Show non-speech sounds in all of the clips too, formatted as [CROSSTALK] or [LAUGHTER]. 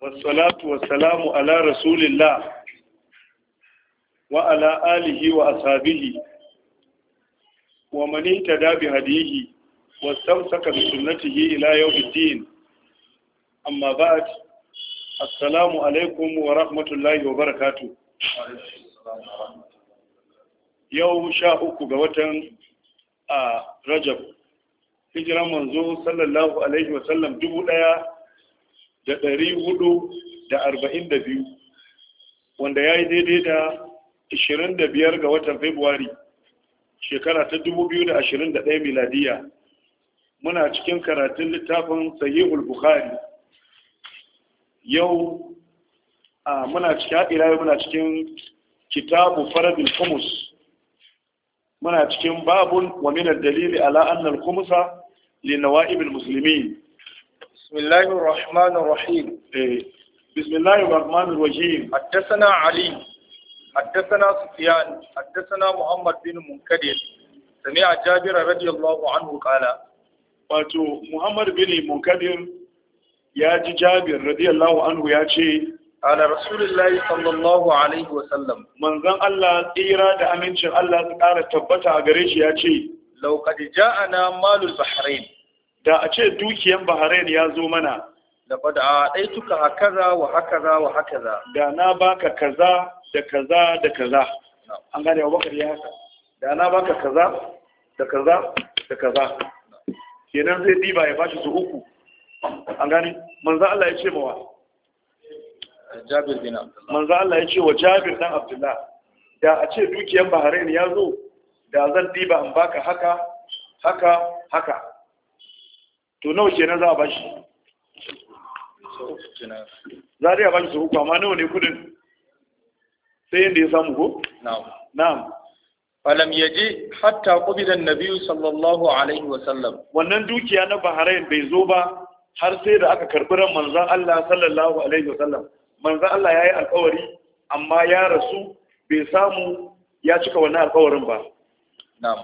wasalatu wasalamu ala rasulillah wa ala alihi wa ashabihi wa man ihtada bi hadihi wastamsaka bi sunnatihi ila yawmiddin amma ba'd assalamu alaikum wa rahmatullahi wa barakatuh yau sha uku ga watan a rajab hijiran manzo sallallahu alaihi wa sallam dubu ɗaya da ɗari hudu da arba'in da biyu wanda ya yi daidai da ashirin da biyar ga watan februari shekara ta dubu biyu da ashirin da ɗaya miladiya muna cikin karatun littafin sahihul bukhari yau a muna cikin haɗira muna cikin kitabu Farabin kumus muna cikin babun wa minar dalili ala annal kumusa li nawa'ibil musulmi. بسم الله الرحمن الرحيم بسم الله الرحمن الرحيم حدثنا علي حدثنا سفيان حدثنا محمد بن منكدر سمع جابر رضي الله عنه قال wato Muhammad bin Munkadir ya ji Jabir radiyallahu anhu ya ala Rasulullahi sallallahu alaihi wa sallam manzon Allah tsira da amincin Allah su ƙara tabbata a gare shi ya ce law qad ja'ana malul bahrain da a ce dukiyan bahrain ya zo mana da dai tuka hakaza wa hakaza wa hakaza da na baka kaza da kaza da kaza an gane Abubakar ya haka da na baka kaza da kaza da kaza kenan zai diba ya bashi su uku an gane manzo Allah ya ce mawa Jabir bin Abdullah manzo Allah ya ce wa Jabir dan Abdullah da a ce dukiyan Bahrain ya zo da zan diba an baka haka haka haka to nawa kenan za a bashi za a bashi su uku amma nawa ne kudin sai yadda ya samu ko na'am falam yaje hatta qubida an-nabiy sallallahu alaihi wa sallam wannan dukiya na bahrain bai zo ba har sai da aka karɓi ran manzon Allah sallallahu alaihi wa sallam manzon Allah yi alƙawari amma ya rasu bai samu ya cika wannan alƙawarin ba na'am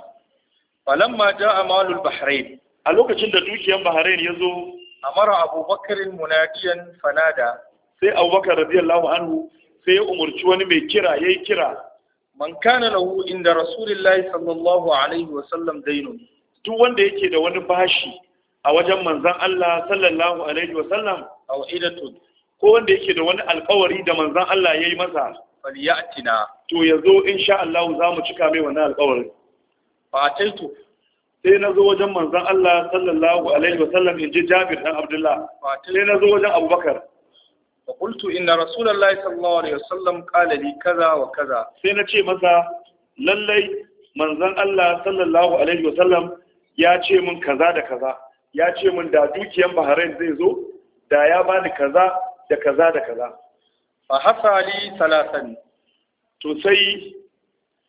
falamma jaa malul bahrain a lokacin da dukiyar bahrain ya zo A mara abubakar munadiyan fanada sai abubakar radiyallahu anhu sai ya umarci wani mai kira ya yi kira man kana lahu inda rasulullahi sallallahu alaihi wa sallam dainu duk wanda yake da wani bashi a wajen manzan Allah sallallahu alaihi wa sallam aw ko wanda yake da wani alƙawari da manzan Allah ya yi masa falyatina to yazo insha Allah za mu cika mai wannan alƙawarin a taito. sai na zo wajen manzan Allah sallallahu alaihi wasallam in ji Jabir dan Abdullah sai na zo wajen Abubakar wa qultu inna rasulullahi sallallahu alaihi wasallam qala li kaza wa kaza sai na ce masa lallai manzan Allah sallallahu alaihi wasallam ya ce min kaza da kaza ya ce min da dukiyan Bahrain zai zo da ya bani kaza da kaza da kaza fa hasali salatan to sai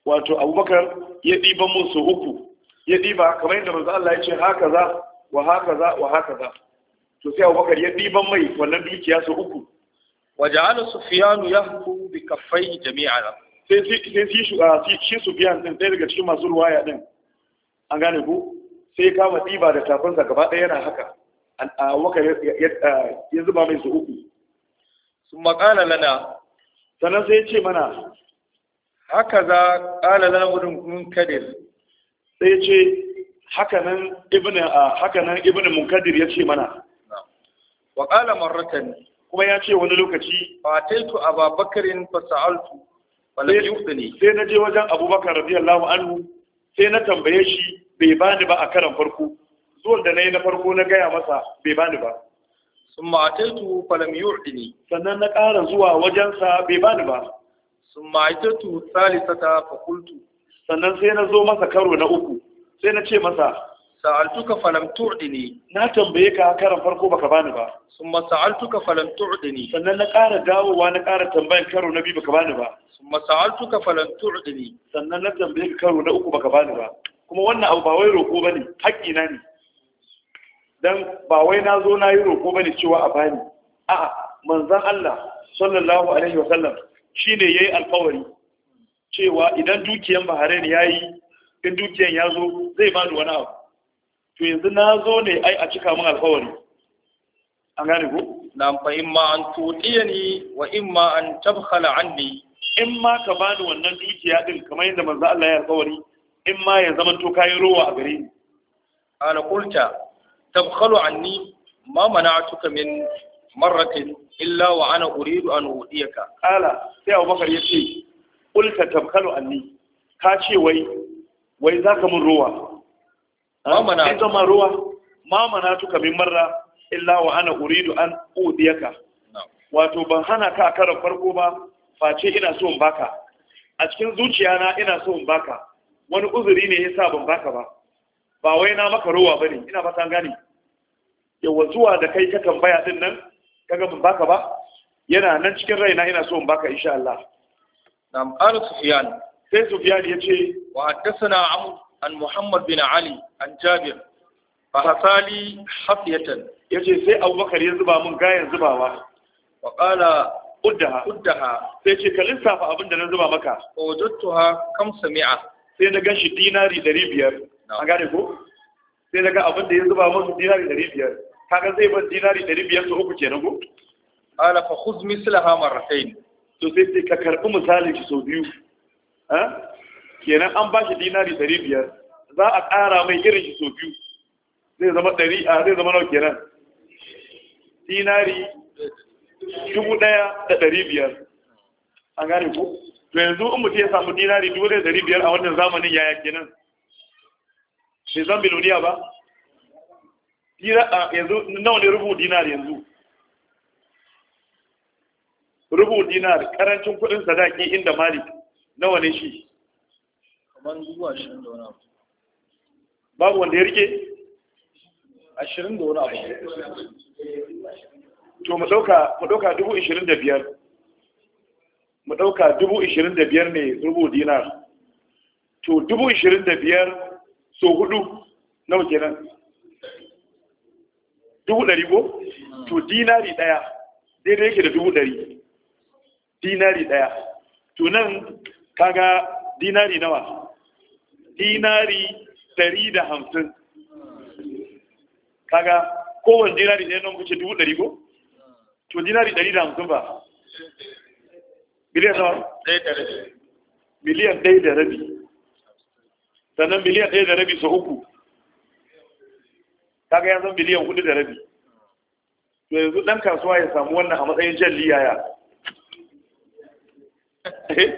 wato Abubakar ya diban musu uku ya diba kamar yadda manzo Allah ya ce haka za wa haka za wa haka za to sai Abubakar ya diban mai wannan dukiya sau uku wa ja'ala Sufyan yahku bi kafai jami'a sai sai ah, shi shi Sufyan din ɗaya daga cikin masu ruwaya din an gane ku sai kama diba da tafansa gaba ɗaya yana haka ah, Abubakar ah, ya zuba mai sau uku sun maƙala lana sannan sai ya ce mana haka za ƙala lana gudun kadir sai ce hakanan ibn hakanan ya ce mana wa qala kuma ya ce wani lokaci a taito a babakarin fasa'altu sai na je wajen abubakar radiyallahu anhu sai na tambaye shi bai bani ba a karan farko zuwan da yi na farko na gaya masa bai bani ba summa taito falam sannan na ƙara zuwa wajensa bai bani ba summa taito salisata fakultu sannan sai na zo masa karo na uku sai na ce masa sa'altuka falam tu'dini na tambaye ka karan farko baka bani ba summa sa'altuka falam tu'dini sannan na ƙara dawowa na ƙara tambayan karo na biyu baka bani ba summa sa'altuka falam tu'dini sannan na tambaye ka karo na uku baka bani ba kuma wannan abu ba wai roƙo bane haƙƙi na ne dan ba wai na zo na yi roƙo bane cewa a bani a'a manzon Allah sallallahu alaihi wasallam shine yayi alƙawari cewa idan dukiyan bahrain ya yi in dukiyan ya zo zai ba wani abu to yanzu na zo ne ai a cika min alkawari an gane ko na fa imma an tudiyani wa imma an tabkhala anni in ma ka bani wannan dukiya din kamar yadda manzo Allah ya alkawari in ma ya zama to kayi rowa a gare ni ala qulta tabkhalu anni ma mana'atuka min marratin illa wa ana uridu an udiyaka ala sai Abubakar yace qulta tabkalu anni ka ce wai wai zaka mun ruwa mamana ita ma ruwa mamana tuka min marra illa wa ana uridu an udiyaka wato ban hana ka karan farko ba face ina so in baka a cikin zuciya na ina so in baka wani uzuri ne yasa ban baka ba ba wai na maka ruwa bane ina fatan gane yawa zuwa da kai ka tambaya din nan kaga ban baka ba yana nan cikin raina ina so in baka insha Allah nam qala sufyan sai sufyan yace wa haddathana amr an muhammad bin ali an jabir fa hasali hafiyatan yace sai abubakar ya zuba mun gayan zubawa wa qala sai ce ka lissafa abin na zuba maka wajadtuha kamsa mi'a sai na ganshi dinari 500 an gane ko sai daga abin da ya zuba musu dinari ɗari biyar kaga zai bar dinari ɗari biyar su uku kenan ko ala fa khudh mislaha marratayn to sai sai ka karɓi misalin shi sau biyu kenan an ba shi dinari ɗari biyar za a ƙara mai irin shi sau biyu zai zama ɗari a zai zama nau kenan dinari dubu ɗaya da ɗari biyar a gane ku to yanzu in mutum ya samu dinari dubu ɗaya da ɗari biyar a wannan zamanin yaya kenan sai zan biloniya ba yanzu nawa ne rubu dinari yanzu rubu dinar karancin kuɗin sadaki inda malik nawa ne shi kaman zuwa 20 da wani babu wanda ya rike 20 da wani abu to mu ɗauka dubu ashirin da biyar mu dauka dubu 25 ne rubu dinar to dubu 25 so hudu nawa kenan dubu ɗari to dinari ɗaya daidai yake da dubu ɗari dinari ɗaya to nan kaga dinari nawa dinari ɗari da hamsin kaga kowane dinari ɗaya nan kuce dubu ɗari ko to dinari ɗari da hamsin ba miliyan nawa miliyan ɗaya da rabi sannan miliyan ɗaya da rabi sau uku kaga ya zan miliyan hudu da rabi to yanzu ɗan kasuwa ya samu wannan a matsayin jan yaya Eh?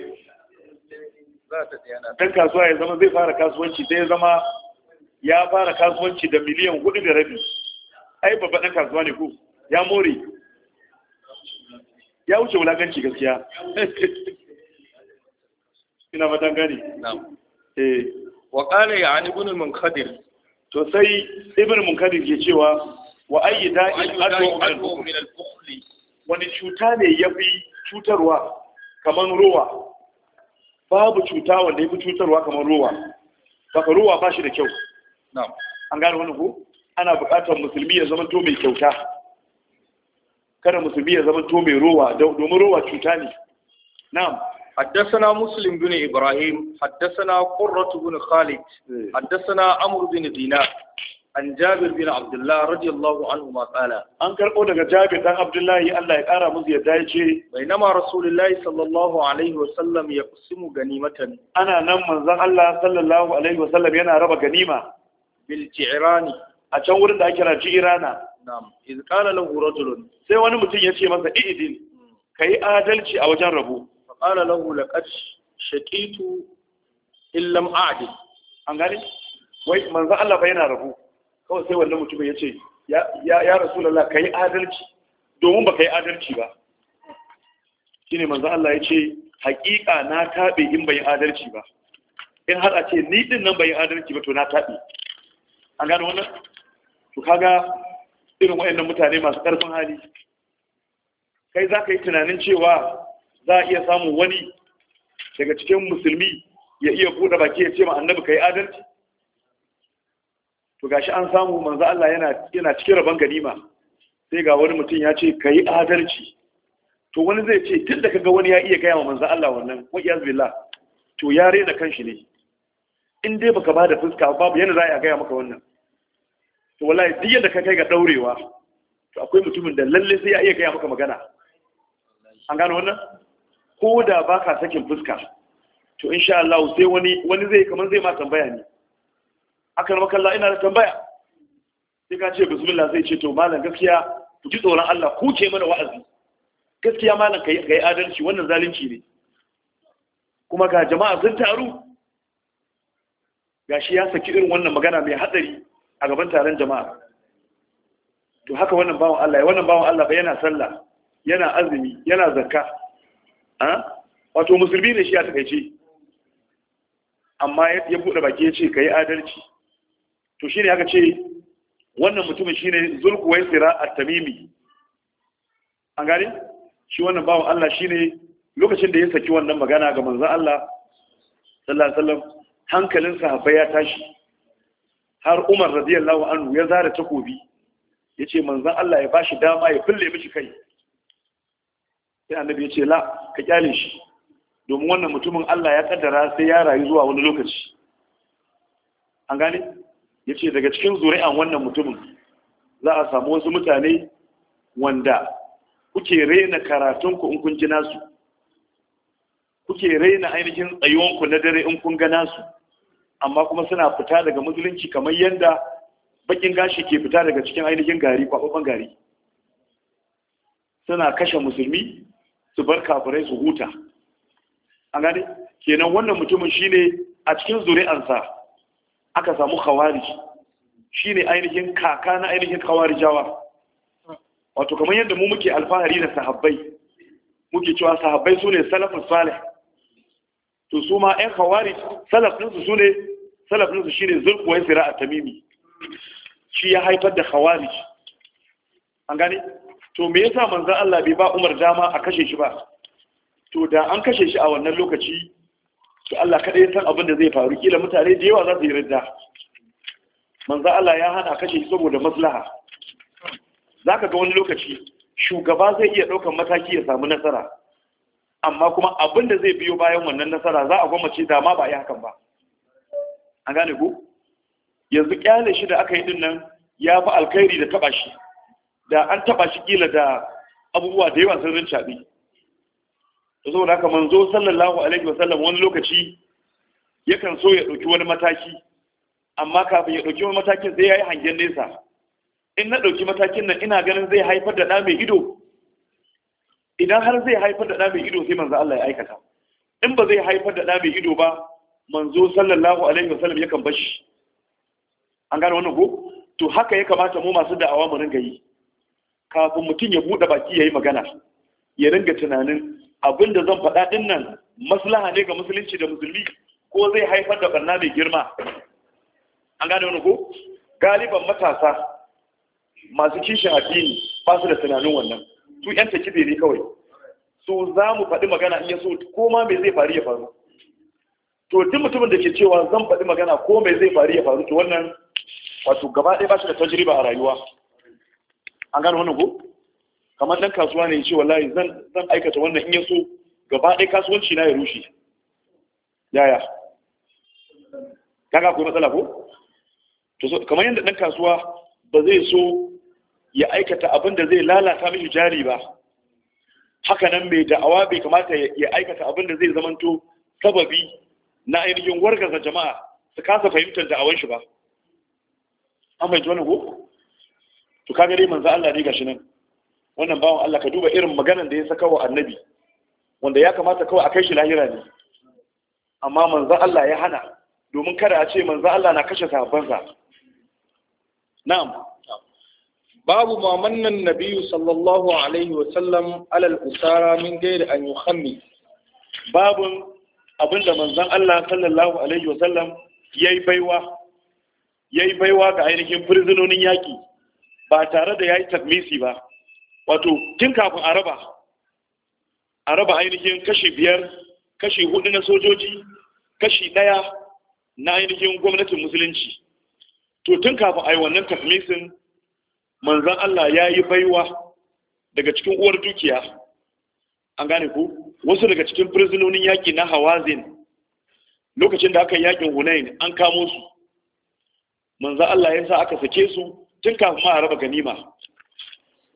dan kasuwa ya zama zai fara kasuwanci sai ya zama ya fara kasuwanci da miliyan hudu da rabi ai babban ɗan kasuwa ne ko ya more ya wuce wulaganci gaskiya [LAUGHS] ina matan gani eh wa qala ya ani ibn munkadir to sai ibn munkadir ke cewa wa ayi da'in adu min al-bukhli wani cuta ne yafi cutarwa kaman ruwa babu cuta wanda ya fi cutarwa kaman ruwa saka ruwa ba shi da kyau an gane wani ko ana buƙatar musulmi ya zama to mai kyauta kada musulmi ya zama to mai ruwa domin ruwa cuta ne na'am حدثنا مسلم بن إبراهيم حدثنا قرة بن خالد حدثنا أمر بن دينار an jabir bin abdullah radiyallahu anhu ma qala an karbo daga jabir dan abdullahi Allah ya kara musu yadda ya ce bainama rasulullahi sallallahu alaihi wasallam ya kusimu ganimatan ana nan manzon Allah sallallahu alaihi wasallam yana raba ganima bil ji'rani a can wurin da ake kira ji'rana na'am iz qala lahu rajulun sai wani mutum ya ce masa idil kai adalci a wajen rabo fa qala lahu laqad shaqitu illam a'dil an gane wai manzon Allah fa yana rabo kawai sai wannan mutumin ya ce ya rasu rasulallah ka yi adalci domin ba ka yi adalci ba shi ne manzan Allah ya ce haƙiƙa na taɓe in bai adalci ba in har a ce ni ɗin nan bai adalci ba to na taɓe an gano wannan to kaga irin waɗannan mutane masu ƙarfin hali kai za ka yi tunanin cewa za a iya samun wani daga cikin musulmi ya iya buɗe baki ya ce ma annabi ka yi adalci to gashi an samu manzo Allah yana yana cikin rabon ganima sai ga wani mutum ya ce kai adalci to wani zai ce tun da kaga wani ya iya gaya wa manzo Allah wannan wa iyaz billah to ya rena kanshi ne in dai baka bada fuska babu yana za a gaya maka wannan to wallahi duk yadda ka kai ga daurewa to akwai mutumin da lalle sai ya iya gaya maka magana an gano wannan ko da baka sakin fuska to insha Allah sai wani wani zai kamar zai ma tambaya ne aka yi kalla ina da tambaya sai ka ce bismillah sai ce to malam gaskiya ku ji tsoron Allah ku ce mana wa'azi gaskiya malam ka yi adalci wannan zalunci ne kuma ga jama'a sun taru gashi ya saki irin wannan magana mai hatsari a gaban taron jama'a to haka wannan bawan Allah wannan bawan Allah ba yana sallah yana azumi yana zakka a wato musulmi ne shi ya takaice amma ya bude baki ya ce kai adalci to shine aka ce wannan mutumin shine Sira at-tamimi an gane shi wannan bawan Allah shine lokacin da ya saki wannan magana ga Manzan Allah sallallahu alaihi wasallam hankalin ya tashi har Umar radiyallahu anhu ya zara takobi yace Manzan Allah ya bashi dama ya fille mishi kai sai annabi ya ce la ka kyale shi domin wannan mutumin Allah ya kaddara sai ya rayu zuwa wani lokaci an gane ya ce daga cikin zuri'an wannan mutumin za a samu wasu mutane wanda kuke raina karatunku in kun ji nasu kuke raina ainihin tsayuwanku na dare in kun ga nasu amma kuma suna fita daga musulunci kamar yadda bakin gashi ke fita daga cikin ainihin gari kwakwakwan gari suna kashe musulmi su bar kafirai su huta an gane kenan wannan mutumin shine a cikin zuri'ansa aka samu shi shine ainihin kaka na ainihin jawa wato kamar yadda mu muke alfahari da sahabbai muke cewa sahabbai su ne salafin salih to su ma 'yan kawari salafinsu su ne salafinsu shi ne zurkuwar sira a tamimi shi ya haifar da kawari an gani? to me yasa manzan Allah bai ba Umar dama a kashe shi ba to da an kashe shi a wannan lokaci Ki Allah ya san abin da zai faru kila mutane da yawa za su yi ridda manzo Allah ya hana kashe saboda maslaha zaka ga wani lokaci shugaba zai iya ɗaukar mataki ya samu nasara amma kuma abin da zai biyo bayan wannan nasara za a gwamace da ma ba yi hakan ba an gane ku yanzu kyale shi da aka yi dinnan ya fi alkhairi da taba shi da an taba shi kila da abubuwa da yawa sun rincaɓe to saboda haka manzo sallallahu alaihi wasallam wani lokaci yakan so ya ɗauki wani mataki amma kafin ya ɗauki wani matakin sai ya yi hangen nesa in na ɗauki matakin nan ina ganin zai haifar da ɗa mai ido idan har zai haifar da ɗa mai ido sai manzo Allah ya aikata in ba zai haifar da ɗa mai ido ba manzo sallallahu alaihi wasallam yakan bashi an gane wannan ko to haka ya kamata mu masu da'awa mu ringa yi kafin mutum ya buɗe baki ya yi magana ya ringa tunanin abin da zan faɗa ɗin nan maslaha ne ga musulunci da musulmi ko zai haifar da barna mai girma an gane wani ko galiban matasa masu kishin addini ba su da tunanin wannan su yan takibe ne kawai su za mu faɗi magana in yaso ko ma mai zai faru ya faru to duk mutumin da ke cewa zan faɗi magana ko mai zai faru ya faru to wannan wato gaba ɗaya ba shi da tajriba a rayuwa an gane wani ko kamar dan kasuwa ne ce wallahi zan zan aikata wannan in ya so gaba ɗaya kasuwanci na ya rushe yaya kaga ko matsala ko to kamar yadda dan kasuwa ba zai so ya aikata abin da zai lalata mishi jari ba haka nan mai da'awa bai kamata ya aikata abin da zai zamanto sababi na ainihin wargaza jama'a su kasa fahimtar da'awan shi ba an bai wani ko to kaga dai manzo Allah ne gashi nan wannan bawan Allah ka duba irin maganan da ya saka wa annabi wanda ya kamata kawai a kai shi lahira ne amma manzan Allah ya hana domin kada a ce manzan Allah na kashe sahabbansa na'am babu ma mannan nabiyyu sallallahu alaihi wa sallam alal usara min ghairi an yukhammi babun abinda manzan Allah sallallahu alaihi wa sallam yayi baiwa yayi baiwa ga ainihin prisonin yaki ba tare da yayi takmisi ba wato tun kafin a raba ainihin kashi biyar kashi hudu na sojoji kashi daya na ainihin gwamnatin musulunci to tun kafin a yi wannan tafmisin manzan Allah ya yi baiwa daga cikin uwar dukiya an gane ku wasu daga cikin firizunonin yaƙi na hawazin lokacin da aka yi yaƙin hunain an kamo su manzan Allah ya sa aka sake su tun kafin ma a raba ganima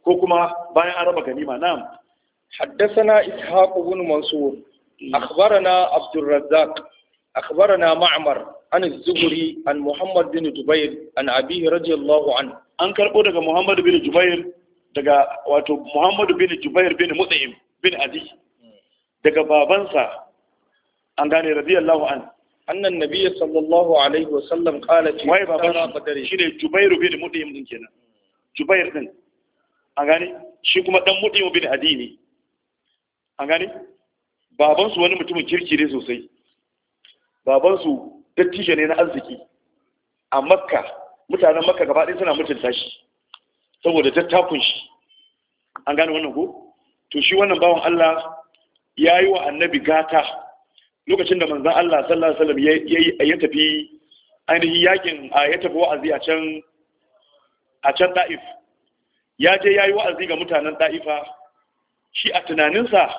ko kuma bayan an araba ganima na'am haddathana ishaq ibn mansur mm. akhbarana abdur razzaq akhbarana ma'mar an az-zuhri an muhammad bin jubair an abihi radiyallahu an an karbo daga muhammad bin jubair wato muhammad bin jubair bin mutaim bin adi daga babansa an gane radiyallahu an anna nabiyyi sallallahu alaihi wa sallam qala shi ne jubair bin mutaim din kenan mm. jubair din an gani shi kuma dan mudimu bin adi ne an gani babansu wani mutumin kirki ne sosai babansu dattijo ne na arziki a makka mutanen makka gaba ɗaya suna mutunta shi saboda dattakun shi an gani wannan ko to shi wannan bawan Allah ya yi wa annabi gata lokacin da manzan Allah sallallahu alaihi wasallam ya tafi ainihin yakin ya tafi wa'azi a can a can da'if ya je ya yi wa'azi ga mutanen ɗaifa shi a tunaninsa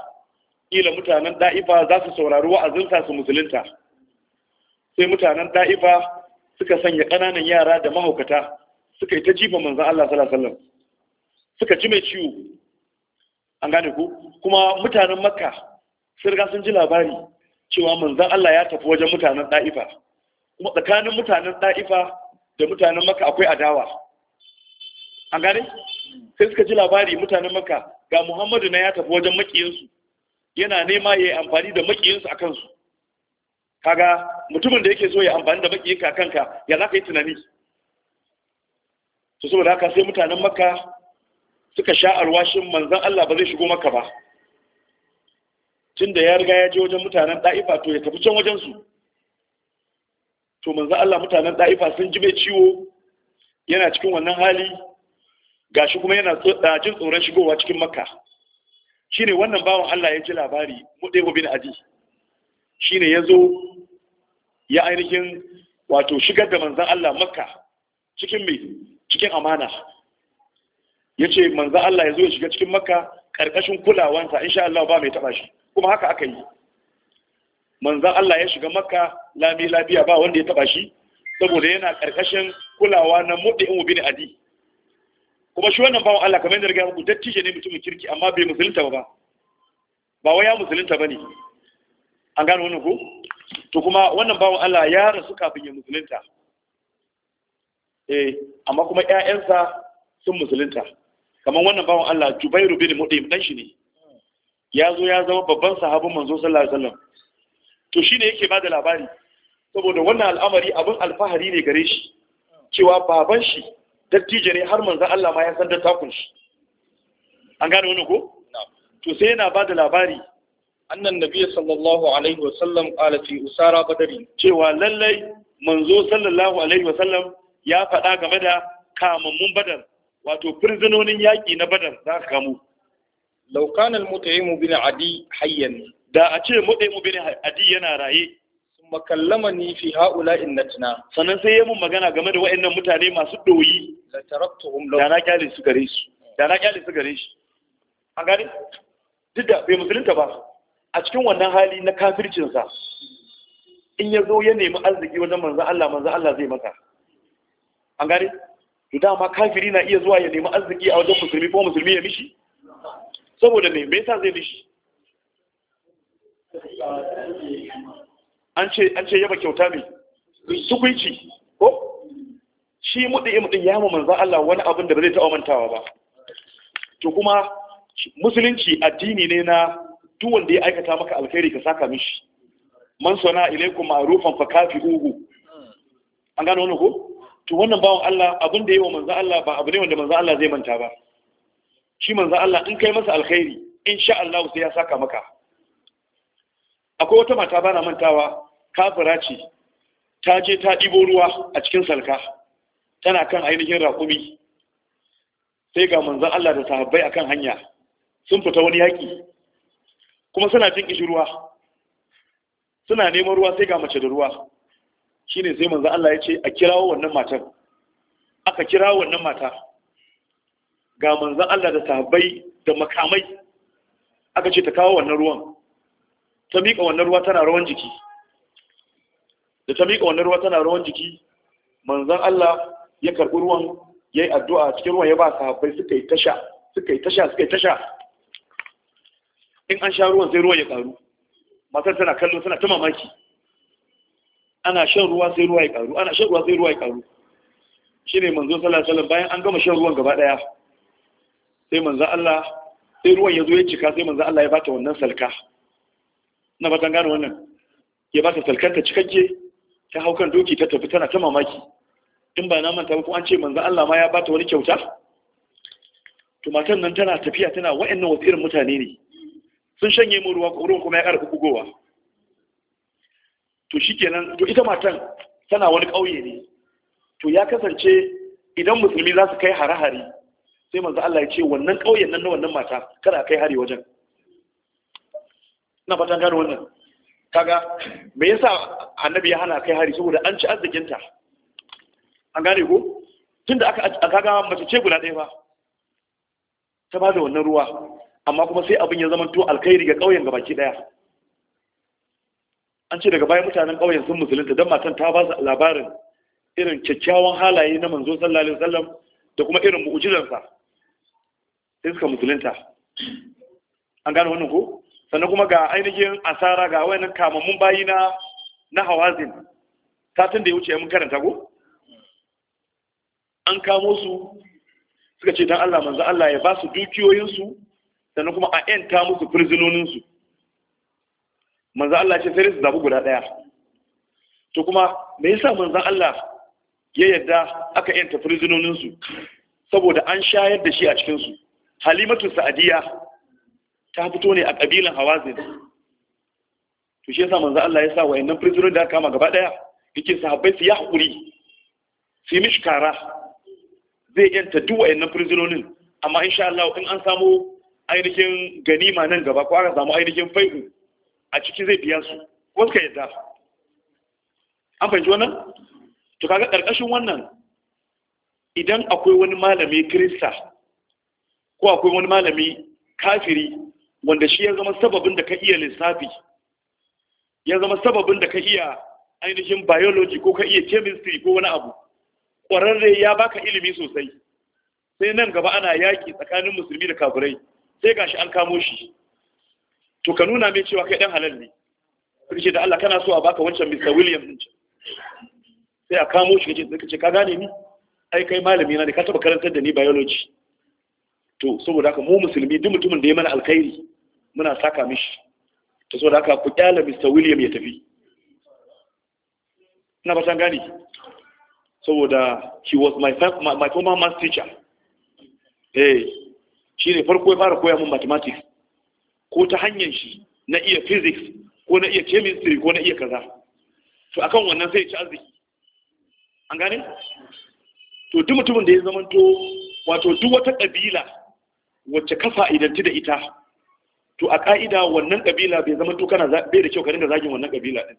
ila mutanen ɗa'ifa za su saurari wa'azinsa su musulunta sai mutanen ɗa’ifa suka sanya ƙananan yara da mahaukata suka yi ta jifa manzan Allah sallallahu suka ci mai ciwo an gane ku kuma mutanen makka sun ji labari cewa manzan Allah ya tafi wajen mutanen kuma tsakanin mutanen ɗaifa da mutanen makka akwai adawa an gane sai suka ji labari mutanen makka ga muhammadu na ya tafi wajen makiyinsu yana nema ya yi amfani da makiyinsu a kansu kaga mutumin da yake so ya amfani da makiyinka a kanka ya za ka yi tunani to saboda haka sai mutanen makka suka sha alwashin manzan allah ba zai shigo makka ba tunda ya riga ya je wajen mutanen ɗa'ifa to ya tafi can wajensu to manzan allah mutanen ɗa'ifa sun ji bai ciwo yana cikin wannan hali gashi kuma yana jin tsoron shigowa cikin makka shine wannan bawan Allah ya ji labari mudaibu bin adi shine yazo ya ainihin wato shigar da manzon Allah makka cikin me cikin amana yace manzon Allah yazo ya shiga cikin makka karkashin kulawansa insha Allah ba mai taba shi kuma haka aka yi manzon Allah ya shiga makka lami lafiya ba wanda ya taba shi saboda yana karkashin kulawa na mudaibu bin adi kuma shi wannan bawan Allah kamar yadda riga muku dattijo ne mutumin kirki amma bai musulunta ba ba wai ya musulunta bane an gano wannan ko to kuma wannan bawan Allah ya rasu kafin ya musulunta eh amma kuma ƴaƴansa sun musulunta kamar wannan bawan Allah Jubairu bin Mudim dan shi ne ya zo ya zama babban sahabin manzo sallallahu alaihi wasallam to shine yake bada labari saboda wannan al'amari abin alfahari ne gare shi cewa baban shi dattijo ne har manzan Allah ma ya san da takun shi an gane wani ko to sai yana ba da labari annan nabi sallallahu alaihi wa sallam qala fi usara badari cewa lallai manzo sallallahu alaihi wa sallam ya faɗa game da kamammun badar wato firzinonin yaƙi na badar za ka kamu law kana al-mutayyimu bin adi hayyan da a ce mutaimu bin adi yana raye wa ni fi ha'ula innatna sannan sai yayin magana game da wayannan mutane masu doyi la taraktuhum law da na kyale su gare su da na kyale su gare shi a gane duk da bai musulunta ba a cikin wannan hali na kafircin sa in ya zo ya nemi arziki wajen manzo Allah manzo Allah zai maka an gane to dama kafiri na iya zuwa ya nemi arziki a wajen musulmi ko musulmi ya mishi saboda me me yasa zai mishi an ce yaba kyauta mai ci, ko shi muɗi muɗin ya mu manza Allah wani abin da ba zai taɓa mantawa ba to kuma musulunci addini ne na duk wanda ya aikata maka alkhairi ka saka mishi man sana ilaikum ma'rufan fa kafi'uhu an gano wannan ko to wannan bawon Allah abin da yawa manzo Allah ba abu ne wanda manzan Allah zai manta ba shi manzo Allah in kai masa alkhairi insha Allah sai ya saka maka akwai wata mata bana mantawa kafira ce ta je ta ɗibo ruwa a cikin salka tana kan ainihin raƙumi sai ga manzan Allah da sahabbai a kan hanya sun fita wani yaƙi kuma suna jin ƙishi ruwa suna neman ruwa sai ga mace da ruwa shi ne sai manzan Allah ya ce a kirawo wannan matan aka kirawo wannan mata ga manzan Allah da sahabbai da makamai aka ce ta kawo wannan ruwan ta miƙa wannan ruwa tana rawan jiki da ta miƙa wannan ruwa tana rawan jiki manzon Allah ya karɓi ruwan ya yi addu'a cikin ruwan ya ba sahabbai suka yi tasha suka yi tasha suka yi tasha in an sha ruwan sai ruwan ya ƙaru matar tana kallon tana ta mamaki ana shan ruwa sai ruwa ya ƙaru ana shan ruwa sai ruwa ya ƙaru shi ne manzon sallallahu bayan an gama shan ruwan gaba ɗaya sai manzan Allah sai ruwan ya zo ya cika sai manzan Allah ya bata wannan salka na ba gane wannan ya ba ta salkanta cikakke ta hau kan doki ta tafi tana ta mamaki in ba na manta ba ko an ce manzo Allah ma ya bata wani kyauta to matan nan tana tafiya tana wa'annan wasu irin mutane ne sun shanye mu ruwa ruwan kuma ya ƙara bugowa to shikenan to ita matan tana wani ƙauye ne to ya kasance idan musulmi za su kai hare-hare sai manzo Allah ya ce wannan ƙauyen nan na wannan mata kada kai hari wajen na fatan gano wannan kaga me yasa annabi ya hana kai hari saboda an ci arzikinta an gane ko tunda aka kaga mace ce guda ɗaya ba ta ba da wannan ruwa amma kuma sai abin ya zama to alkhairi ga ƙauyen gabaki ɗaya an ce daga bayan mutanen ƙauyen sun musulunta don matan ta ba su labarin irin kyakkyawan halaye na manzo sallallahu alaihi wasallam da kuma irin mu'jizarsa sai suka musulunta an gane wannan ko sannan kuma ga ainihin asara ga wayannan kamammun bayi na na hawazin satin da ya wuce mun karanta ko an kamo su suka ce dan Allah manzo Allah ya ba su dukiyoyin sannan kuma a yanta musu firzinoninsu. su manzo Allah ce sai su zabu guda daya to kuma me yasa manzo Allah ya yadda aka yanta prisononin su saboda an shayar da shi a cikin su halimatu sa'adiya ta fito ne a kabilan hawazin to shi yasa manzo Allah ya sa wayannan prisoner da kama gaba daya yake sahabbai su ya hakuri su yi zai yanta duk wayannan prisonerin amma insha Allah in an samu ainihin ganima nan gaba ko aka samu ainihin faihu a ciki zai biya su ko ka yadda an fahimci wannan to kaga karkashin wannan idan akwai wani malami kirista ko akwai wani malami kafiri wanda shi ya zama sababin da ka iya lissafi ya zama sababin da ka iya ainihin biology ko ka iya chemistry ko wani abu ƙwararre ya baka ilimi sosai sai nan gaba ana yaƙi tsakanin musulmi da kafirai sai gashi an kamo shi to ka nuna mai cewa kai ɗan halal ne kace da Allah kana so a baka wancan Mr. William din sai a kamo shi kace kace ka gane ni ai kai malami na ne ka taba karantar da ni biology to saboda haka mu musulmi duk mutumin da ya mana alkhairi muna saka mishi ta so da haka ku kyala Mr. William ya tafi ina ba san gani saboda he was my my former math teacher eh shi ne farko ya fara koya min mathematics ko ta hanyar shi na iya physics ko na iya chemistry ko na iya kaza to akan wannan sai ci arziki an gane to duk mutumin da ya zamanto wato duk wata kabila wacce kafa idanti da ita to a ka'ida wannan kabila bai zama to kana bai da kyau ka zagin wannan kabila din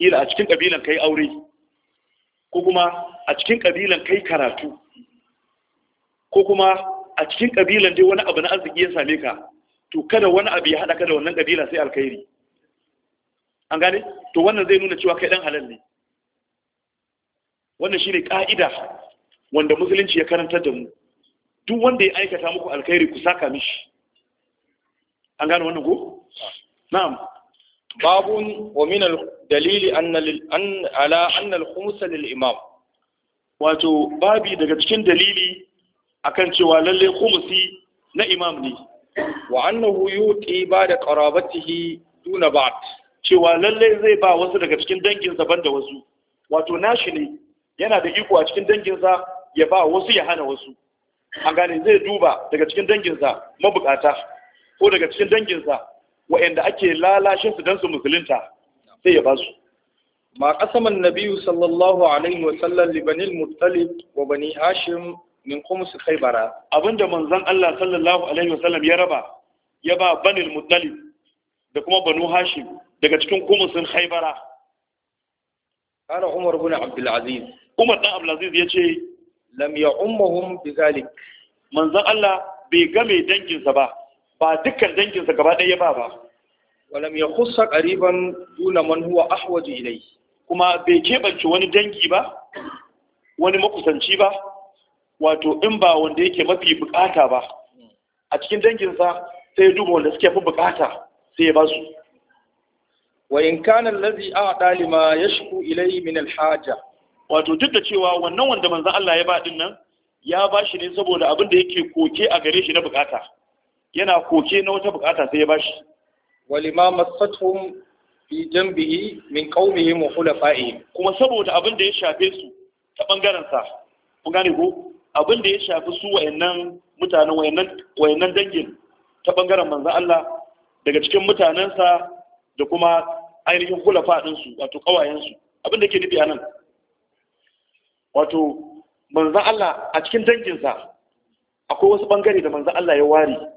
ila a cikin kabilan kai aure ko kuma a cikin kabilan kai karatu ko kuma a cikin kabilan dai wani abu na arziki ya same ka to kada wani abu ya hada ka da wannan kabila sai alkhairi an gane to wannan zai nuna cewa kai dan halal ne wannan shine ka'ida wanda musulunci ya karantar da mu duk wanda ya aikata muku alkhairi ku saka mishi an gane wannan ko na'am babun wa min dalili ala anna al-khums lil imam wato babi daga cikin dalili akan cewa lalle khumsi na imam ne wa annahu yuti ba da qarabatihi duna ba'd cewa lalle zai ba wasu daga cikin danginsa banda wasu wato nashi ne yana da iko a cikin danginsa ya ba wasu ya hana wasu an gane zai duba daga cikin danginsa mabukata ko daga cikin danginsa wa'anda ake lalashin su dan su musulunta sai ya basu ma qasaman nabiyyu sallallahu alaihi wa sallam li bani muttalib wa bani hashim min khums khaybara abinda manzon Allah sallallahu alaihi wa sallam ya raba ya ba bani al-muttalib da kuma banu hashim daga cikin khumsin khaybara kana umar ibn abdul aziz umar dan abdul aziz yace lam ya ummuhum bizalik manzon Allah bai game danginsa ba ba dukkan danginsa gaba ɗaya ba ba walam ya kusa ƙariban duna man huwa ahwaju ilai kuma bai keɓance wani dangi ba wani makusanci ba wato in ba wanda yake mafi bukata ba a cikin danginsa sai duba wanda suke fi bukata sai ya ba su wa in kana a ɗalima ya shiku ilai min alhaja wato duk da cewa wannan wanda manzan Allah ya ba ɗin nan ya ba shi ne saboda abin da yake koke a gare shi na bukata yana koke na wata bukata sai ya bashi walima masatuhum fi jambihi min qaumihim wa khulafa'ihim kuma saboda abin da ya shafe su ta bangaren sa kun gane ko abin da ya shafi su wayannan mutanen wayannan wayannan dangin ta bangaren manzon Allah daga cikin mutanensa da kuma ainihin khulafa din su wato kawayen su abin da ke nufi anan wato manzon Allah a cikin danginsa akwai wasu bangare da manzon Allah ya ware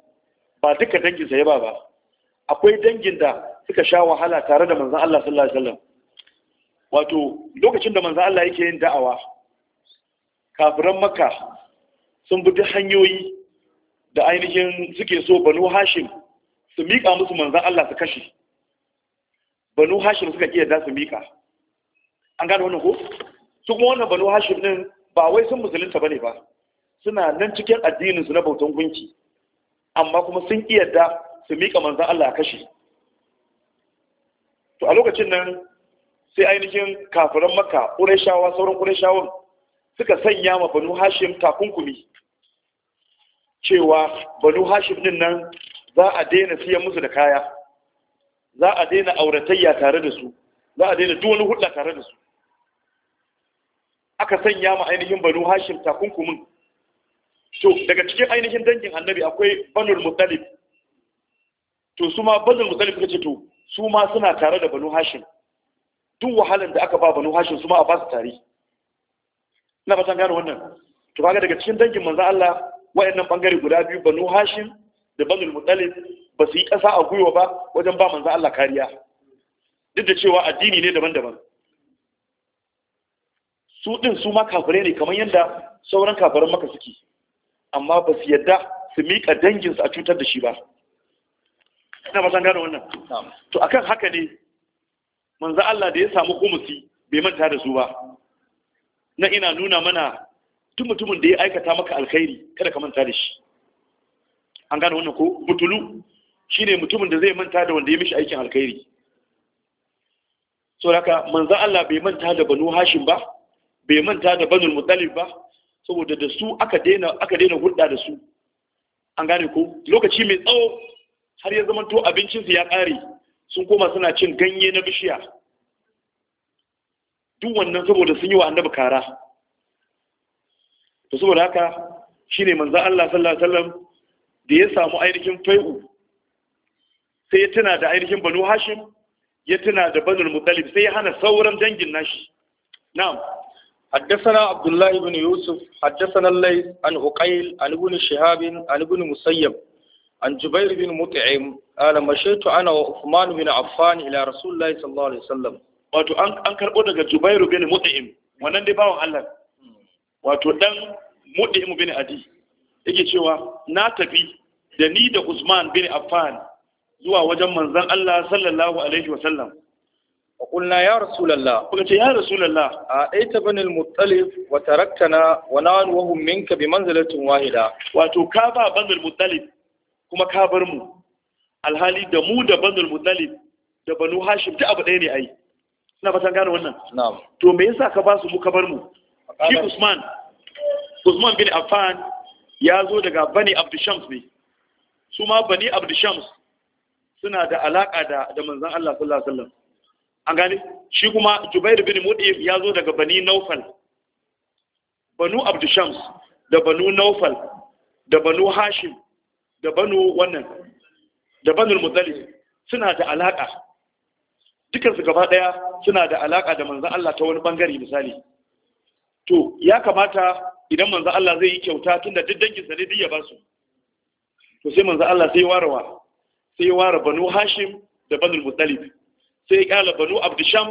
ba duka danginsa ya ba ba akwai dangin da suka sha wahala tare da manzan Allah sallallahu alaihi wasallam wato lokacin da manzan Allah yake yin da'awa kafiran makka sun bi duk hanyoyi da ainihin suke so banu hashim su miƙa musu manzan Allah su kashe banu hashim suka iya da su miƙa an gano wannan ko su kuma wannan banu hashim din ba wai sun musulunta bane ba suna nan cikin addininsu na bautan gunki amma kuma sun da su miƙa manzan Allah kashi to a lokacin nan sai ainihin kafiran makka shawa sauran ƙurashawan suka sanya ma banu hashim takunkumi cewa banu hashim din nan za a daina siyan musu da kaya za a daina auratayya tare da su za a daina duwani hudda tare da su aka sanya ma ainihin banu hashim takunkumin to daga cikin ainihin dangin annabi akwai banul mutalib to su ma banul mutalib kace to su ma suna tare da banu hashim duk wahalan da aka ba banu hashim su ma a ba su tare ina fatan gano wannan to kaga daga cikin dangin manzo Allah wayannan bangare guda biyu banu hashim da banul mutalib ba su yi ƙasa a gwiwa ba wajen ba manzo Allah kariya duk da cewa addini ne daban-daban su din su ma kafirai ne kamar yadda sauran kafaren maka suke amma ba su yadda su miƙa danginsu a cutar da shi ba ina ba san gane wannan to akan haka ne manzo Allah da ya samu kumusi bai manta da su ba na ina nuna mana tun mutumin da ya aikata maka alkhairi kada ka manta da shi an gane wannan ko butulu shi ne mutumin da zai manta da wanda ya mishi aikin alkhairi Sau da haka manzo Allah bai manta da Banu Hashim ba bai manta da Banu Muttalib ba saboda da su aka daina hulɗa da su an gane ko lokaci mai tsawo har ya zamanto abincinsu ya ƙare sun koma suna cin ganye na bishiya duk wannan saboda sun yi wa annabi kara to saboda haka shine manzo Allah sallallahu alaihi wasallam da ya samu ainihin fai'u sai ya tuna da ainihin Banu Hashim ya tuna da Banu Muttalib sai ya hana sauran dangin nashi na'am حدثنا عبد الله بن يوسف حدثنا الليث عن عقيل عن ابن شهاب عن ابن مسيب عن جبير بن مطعم قال مشيت انا وعثمان بن عفان الى رسول الله صلى الله عليه وسلم wato an an karbo daga Jubairu bin Mut'im wannan dai bawan Allah wato dan Mut'im bin Adi yake cewa na tafi da ni da Usman bin Affan zuwa wajen manzon Allah sallallahu alaihi wasallam وقلنا يا رسول الله قلت يا رسول الله أأتيت بني المطلب وتركتنا ونحن وهم منك بمنزلة واحدة واتو كابا المطلب كما كابرمو alhali da mu da banul muttalib da banu hashim ta abu ɗaya ne ai ina fatan gane wannan na'am to me ka ba su mu ka bar mu shi usman usman bin affan ya zo daga bani abdushams ne su bani abdushams suna da alaka da da Allah an gane shi kuma Jubair bin mudim ya zo daga Bani Naufal Banu Abdushams da Banu Naufal da Banu Hashim da Banu wannan da Banu Muttalib suna da alaka dukansu gaba daya suna da alaka da manzon Allah ta wani bangare misali to ya kamata idan manzon Allah zai yi kyauta tunda duk dangin sa ne duk ya ba su to sai manzon Allah sai warawa sai ware Banu Hashim da Banu Muttalib sai kyala banu abdisham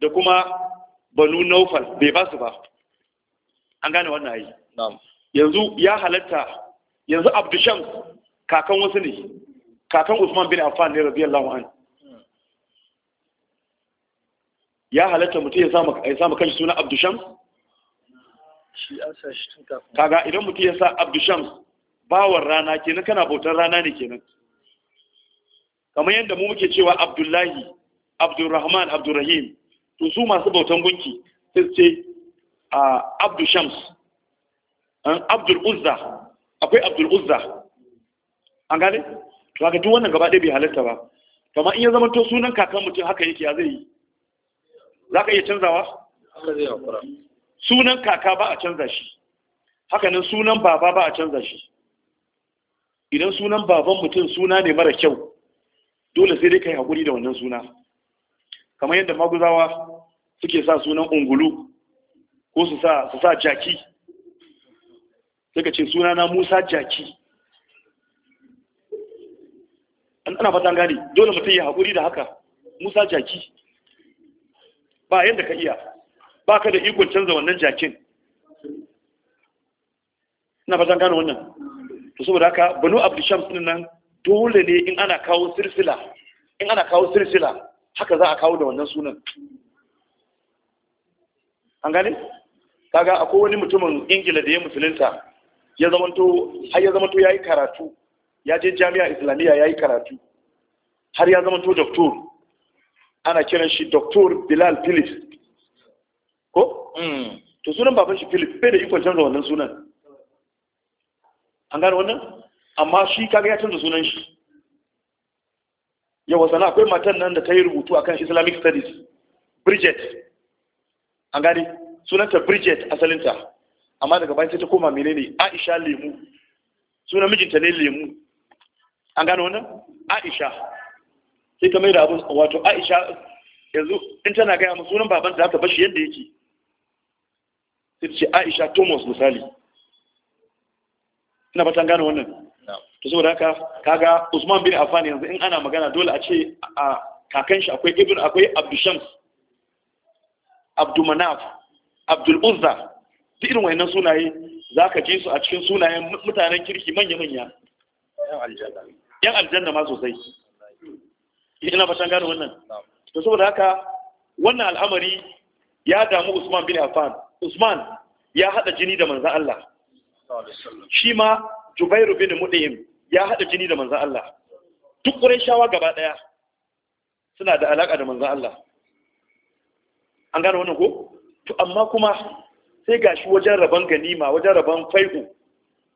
da kuma banu naufal bai ba su ba an gane wannan yi yanzu ya halatta yanzu abdisham kakan wasu ne kakan usman bin affan ne radiyallahu an ya halatta mutum ya samu ya kanshi suna abdisham kaga idan mutum ya sa abdisham bawon rana kenan kana bautar rana ne kenan kamar yadda mu muke cewa abdullahi abdurrahman abdurrahim to su masu bautan gunki sai su ce Abdul shams abdul uzza akwai abdul uzza an gane to haka duk wannan gaba ɗaya bai halarta ba kamar in ya zama to sunan kakan mutum haka yake ya zai yi za ka iya canzawa sunan kaka ba a canza shi hakanan sunan baba ba a canza shi idan sunan baban mutum suna ne mara kyau dole sai dai ka yi haƙuri da wannan suna kamar yadda maguzawa suke sa sunan ungulu ko su sa su sa jaki suka ce suna na Musa jaki ana fatan gani dole mutum ya haƙuri da haka Musa jaki ba yadda ka iya ba ka da ikon canza wannan jakin ina fatan gane wannan to saboda haka banu abdisham din nan dole ne in ana kawo sirsila in ana kawo sirsila haka za a kawo da wannan sunan an gane kaga akwai wani mutumin ingila da ya musulunta ya zamanto har ya zamanto yi karatu ya je jami'a islamiyya ya yi karatu har ya zamanto Doktor, ana kiran shi Doktor bilal phillips ko mm. to sunan baban shi phillips bai da ikon canza wannan sunan an gane wannan amma shi kaga ya canza sunan shi yawa sana akwai matan nan da ta yi rubutu a kan islamic studies bridget an gani sunanta bridget asalinta amma daga bayan sai ta koma ne, aisha lemu sunan mijinta ne lemu an gano wannan aisha sai ta mai da abin wato aisha yanzu in tana gaya mu sunan baban da ta bashi yadda yake sai ta ce aisha thomas misali ina ba ta gano wannan to saboda haka kaga Usman bin Affan yanzu in ana magana dole a ce a kakan shi akwai Ibn akwai Abdul Shams Abdul Uzza duk irin wayannan sunaye zaka ji su a cikin sunayen mutanen kirki manya-manya yan aljanna ma sosai ina san gane wannan to saboda haka wannan al'amari ya damu Usman bin Affan Usman ya hada jini da manzo Allah shi ma Jubairu bin Mudayim ya haɗa jini da manzan Allah duk Qurayshawa gaba ɗaya suna da alaƙa da manzan Allah an gane wannan ko to amma kuma sai gashi wajen rabon ganima wajen rabon faihu,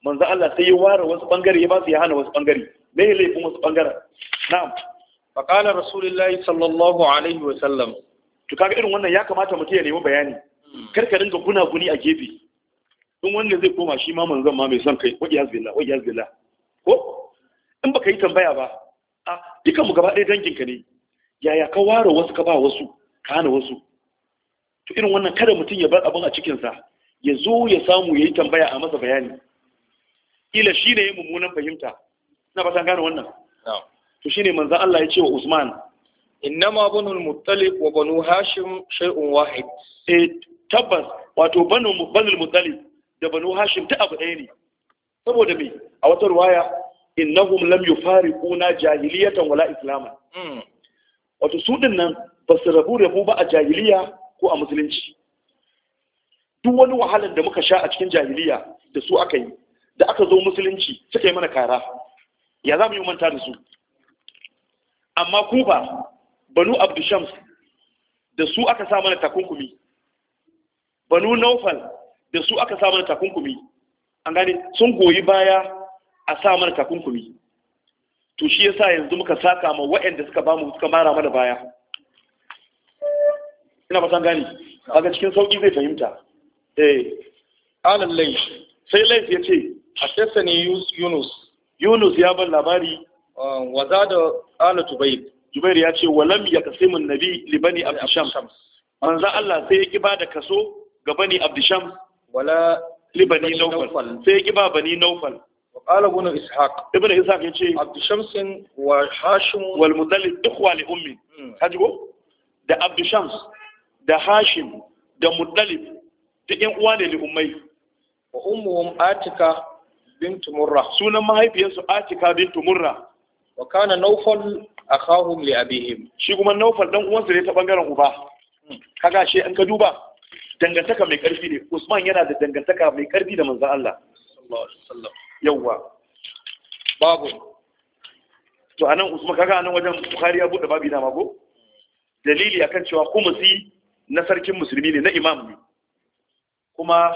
manzan Allah sai ya ware wasu bangare ya ba su ya hana wasu bangare me yi laifin wasu bangaren na'am fa qala rasulullahi sallallahu alaihi wa sallam to kaga irin wannan ya kamata mutum ya nemi bayani hmm. Karka dinga guna guni a gefe sun wanda zai koma shi ma manzan ma mai son kai wa iyaz billah wa iyaz billah ko in baka yi tambaya ba a dukan mu gaba ɗaya dangin ka ne yaya ka ware wasu ka ba wasu ka hana wasu to irin wannan kada mutum ya bar abin a cikin sa ya zo ya samu yayi tambaya a masa bayani kila shi ne mummunan fahimta ina ba san gane wannan to shine manzan Allah ya ce wa Usman innama banul muttalib wa banu hashim shay'un wahid eh tabbas wato banu banul muttalib da banu hashim ta abu ɗaya ne saboda mai a wata ruwaya innahum lam kuna jahiliyatan wala islama hmm. wato su nan ba su rabu rabu ba a jahiliya ko a musulunci duk wani wahalar da muka sha a cikin jahiliya da su aka yi da aka zo musulunci suka yi mana kara ya za mu yi manta da su amma ku ba banu abdushams da su aka sa mana takunkumi banu naufal da su aka sa mana takunkumi an gane sun goyi baya a sa mana takunkumi to shi yasa yanzu muka saka ma waɗanda suka bamu suka mara mana baya ina fatan gani kaga cikin sauki zai fahimta eh alal lay sai lay ya ce hadathani yunus yunus ya ban labari uh, wa zada ala tubayb jubair ya ce walam yaqsimu an-nabi li bani abdisham manzo Allah sai ya kiba da kaso ga bani abdisham wala libani naufal sai ya kiba bani naufal وقال ابن إسحاق ابن إسحاق يجي عبد شمس وهاشم والمدلل إخوة لأمي هتقول ده عبد شمس ده هاشم ده مدلل ده إخوة لأمي وأمهم آتكا بنت مرة سونا ما هي بيسو آتكا بنت مرة وكان نوفل أخاهم لأبيهم شيكم النوفل دم وانسر يتبنغرهم با kaga shi an ka duba dangantaka mai karfi ne Usman yana da dangantaka mai karfi da manzan Allah yawwa babu to anan Usman kaga anan wajen Bukhari ya buɗe babu na mago dalili akan cewa si na sarkin musulmi ne na imam ne kuma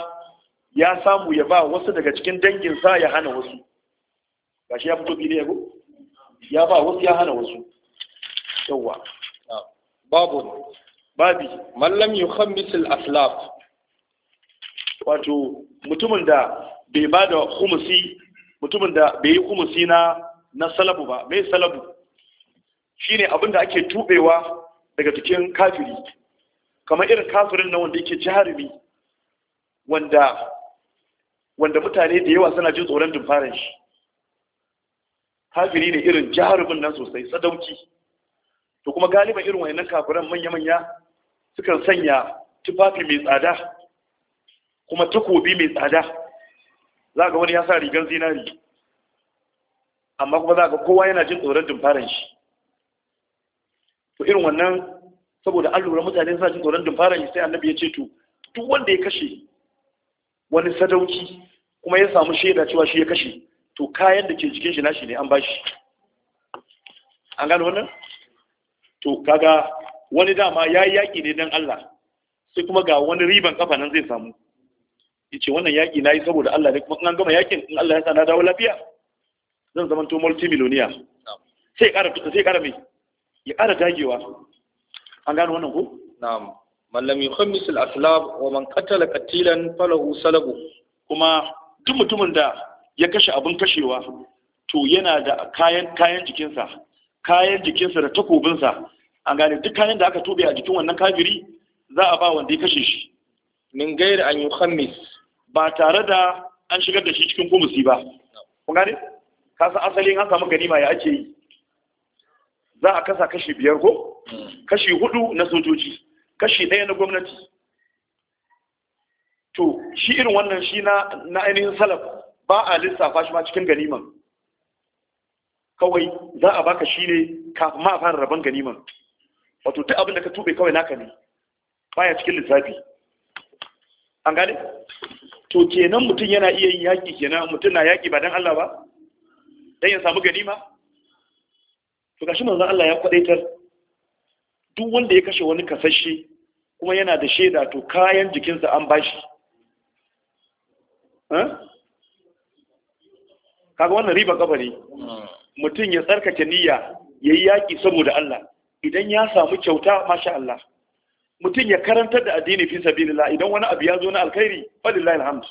ya samu ya ba wasu daga cikin danginsa ya hana wasu shi ya fito ne yago ya ba wasu ya hana wasu yawwa babu babi mallam yukhammis khamisul aslaf wato mutumin da bai ba da humusi mutumin da bai yi humusi na na salabu ba mai salabu shine abin da ake tubewa daga cikin kafiri kamar irin kafirin na wanda yake jarumi wanda wanda mutane da yawa suna jin tsoron dumfarin shi kafiri ne irin jarumin nan sosai sadauki to kuma galiban irin wayannan kafiran manya-manya sukan sanya tufafi mai tsada kuma takobi mai tsada za ga wani ya sa rigar zinari amma kuma za ga kowa yana jin tsoron dumfaran shi to irin wannan saboda an lura mutane suna jin tsoron dumfaran shi sai annabi ya ce to duk wanda ya kashe wani sadauki kuma ya samu shaida cewa shi ya kashe to kayan da ke jikin shi nashi ne an bashi an gano wannan to kaga wani dama ya yi yaƙi ne don Allah sai kuma ga wani riban kafa nan zai samu ya ce wannan yaƙi na yi saboda Allah ne kuma an gama yaƙin in Allah ya sa na dawo lafiya zan zama to multimiloniya sai ƙara fita sai ƙara mai ya ƙara dagewa an gano wannan ko na'am mallam lam al-aslab wa man qatala qatilan falahu salabu kuma duk mutumin da ya kashe abin kashewa to yana da kayan kayan jikinsa kayan jikinsa da takobinsa an gane duk kayan da aka tobe a jikin wannan kafiri za a ba wanda ya kashe shi min gairi an yi khamis ba tare da an shigar da shi cikin kumusi ba kun gane ka san asali an samu ganima ya ake yi za a kasa kashi biyar ko kashi hudu na sojoji kashi ɗaya na gwamnati to shi irin wannan shi na ainihin salaf ba a lissafa shi ma cikin ganiman kawai za a baka shi ne kafin ma a fara rabon ganiman wato duk abin da ka tube kawai naka ne baya cikin lissafi an gane to kenan mutum yana iya yin yaƙi kenan mutum na yaƙi ba don Allah ba don ya samu ganima to gashi manzon Allah ya kwadaitar duk wanda ya kashe wani kasashe kuma yana da shaida to kayan jikinsa an bashi kaga wannan riba ƙaba ne hmm. mutum ya tsarkake niyya yayi yaƙi saboda Allah idan ya samu kyauta masha Allah mutum ya karantar da addini fi sabilillah idan wani abu ya zo na alkhairi falillahi alhamd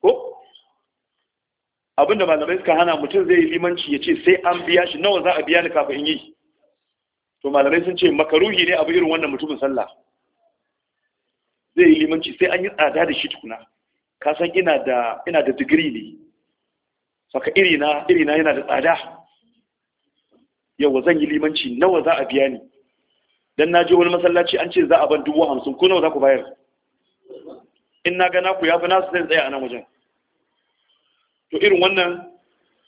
ko abinda malamai suka hana mutum zai yi limanci ya ce sai an biya shi nawa za a biya ni kafin yi to malamai sun ce makaruhi ne abu irin wannan mutumin sallah zai yi limanci sai an yi tsada da shi tukuna ka san ina da ina da digiri ne saka irina irina yana da tsada Yau, zan yi limanci nawa za a biya ni dan na je wani masallaci an ce za a ban dubu hamsin ko nawa za ku bayar in na gana ku ya fi nasu zai tsaya a nan wajen to irin wannan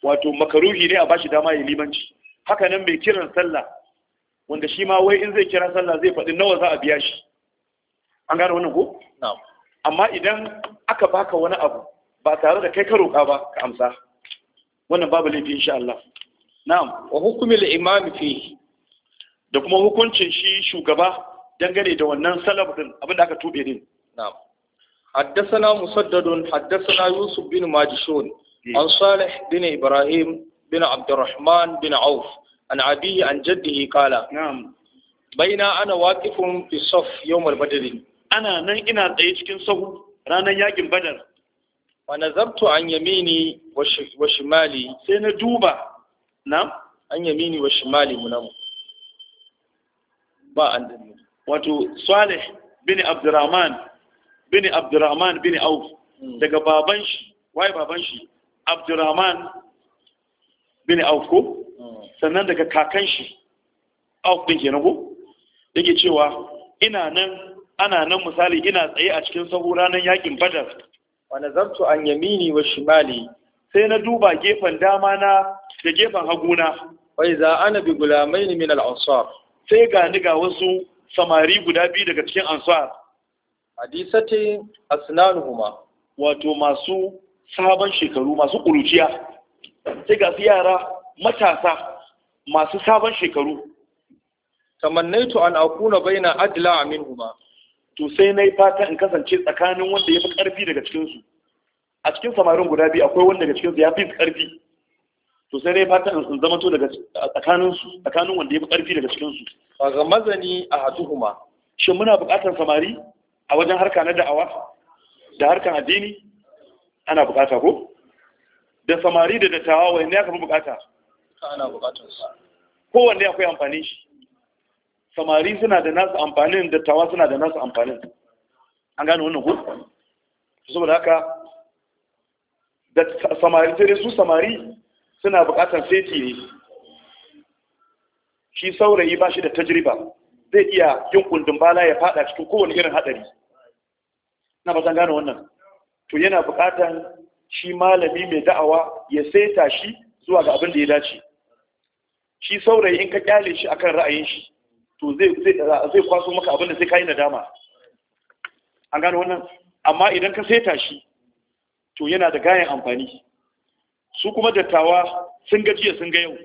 wato makaruhi ne a bashi dama ya limanci haka nan mai kiran sallah wanda shi ma wai in zai kira sallah zai faɗi nawa za a biya shi an gane wannan ko amma idan aka baka wani abu ba tare da kai ka roka ba ka amsa wannan babu laifi insha Allah Na'am, wa hukumul imam fi da kuma hukuncin shi shugaba dangane da wannan salaf din abinda aka tube din. Na'am. Haddathana Musaddad, haddathana Yusuf bin Majshun, an Salih bin Ibrahim bin Abdurrahman bin Auf, an Abi an jaddihi kala. Na'am. Baina ana waqifun fi saf yawm Ana nan ina tsaye cikin sahu ranan yakin badar. Wa nazartu an yamini wa shimali sai na duba na an yamini wa shimali munamu ba an danne wato salih bin abdurrahman bin abdurrahman bin auf hmm. daga baban shi waye baban shi abdurrahman bin auf ko hmm. sannan daga kakan shi auf bin kenan ko yake cewa ina nan ana nan misali ina tsaye a cikin sahu ranar yakin badar wa nazartu an yamini wa shimali sai na duba gefen dama na da gefen haguna wai za ana bi gulamai ne min al'ansar sai ga ni ga wasu samari guda biyu daga cikin ansar hadisati asnanuhuma wato masu sabon shekaru masu ƙuruciya sai ga su yara matasa masu sabon shekaru tamannaitu an akuna baina adla minhuma to sai na yi fata in kasance tsakanin wanda ya fi ƙarfi daga cikinsu a cikin samarin guda biyu akwai wanda daga cikinsu ya fi ƙarfi to sai dai fata in zama to daga tsakanin su tsakanin wanda ya fi karfi daga cikin su ga mazani a hatuhuma shin muna buƙatar samari a wajen harka na da'awa da harkan addini ana buƙata ko da samari da dattawa wani ya kafa buƙata ana buƙatar sa kowanne akwai amfani shi samari suna da nasu amfanin dattawa suna da nasu amfanin an gane wannan ko saboda haka da samari sai su samari suna buƙatar seti ne shi saurayi ba shi da tajriba zai iya yin kundin bala ya fada cikin kowane irin haɗari na ba gane wannan to yana buƙatar shi malami mai da'awa ya saita shi zuwa ga abin da ya dace shi saurayi in ka kyale shi akan ra'ayin shi to zai kwaso maka abin da sai kayi nadama an gano wannan amma idan ka saita shi to yana da gayan amfani su kuma dattawa sun ga jiya sun ga yau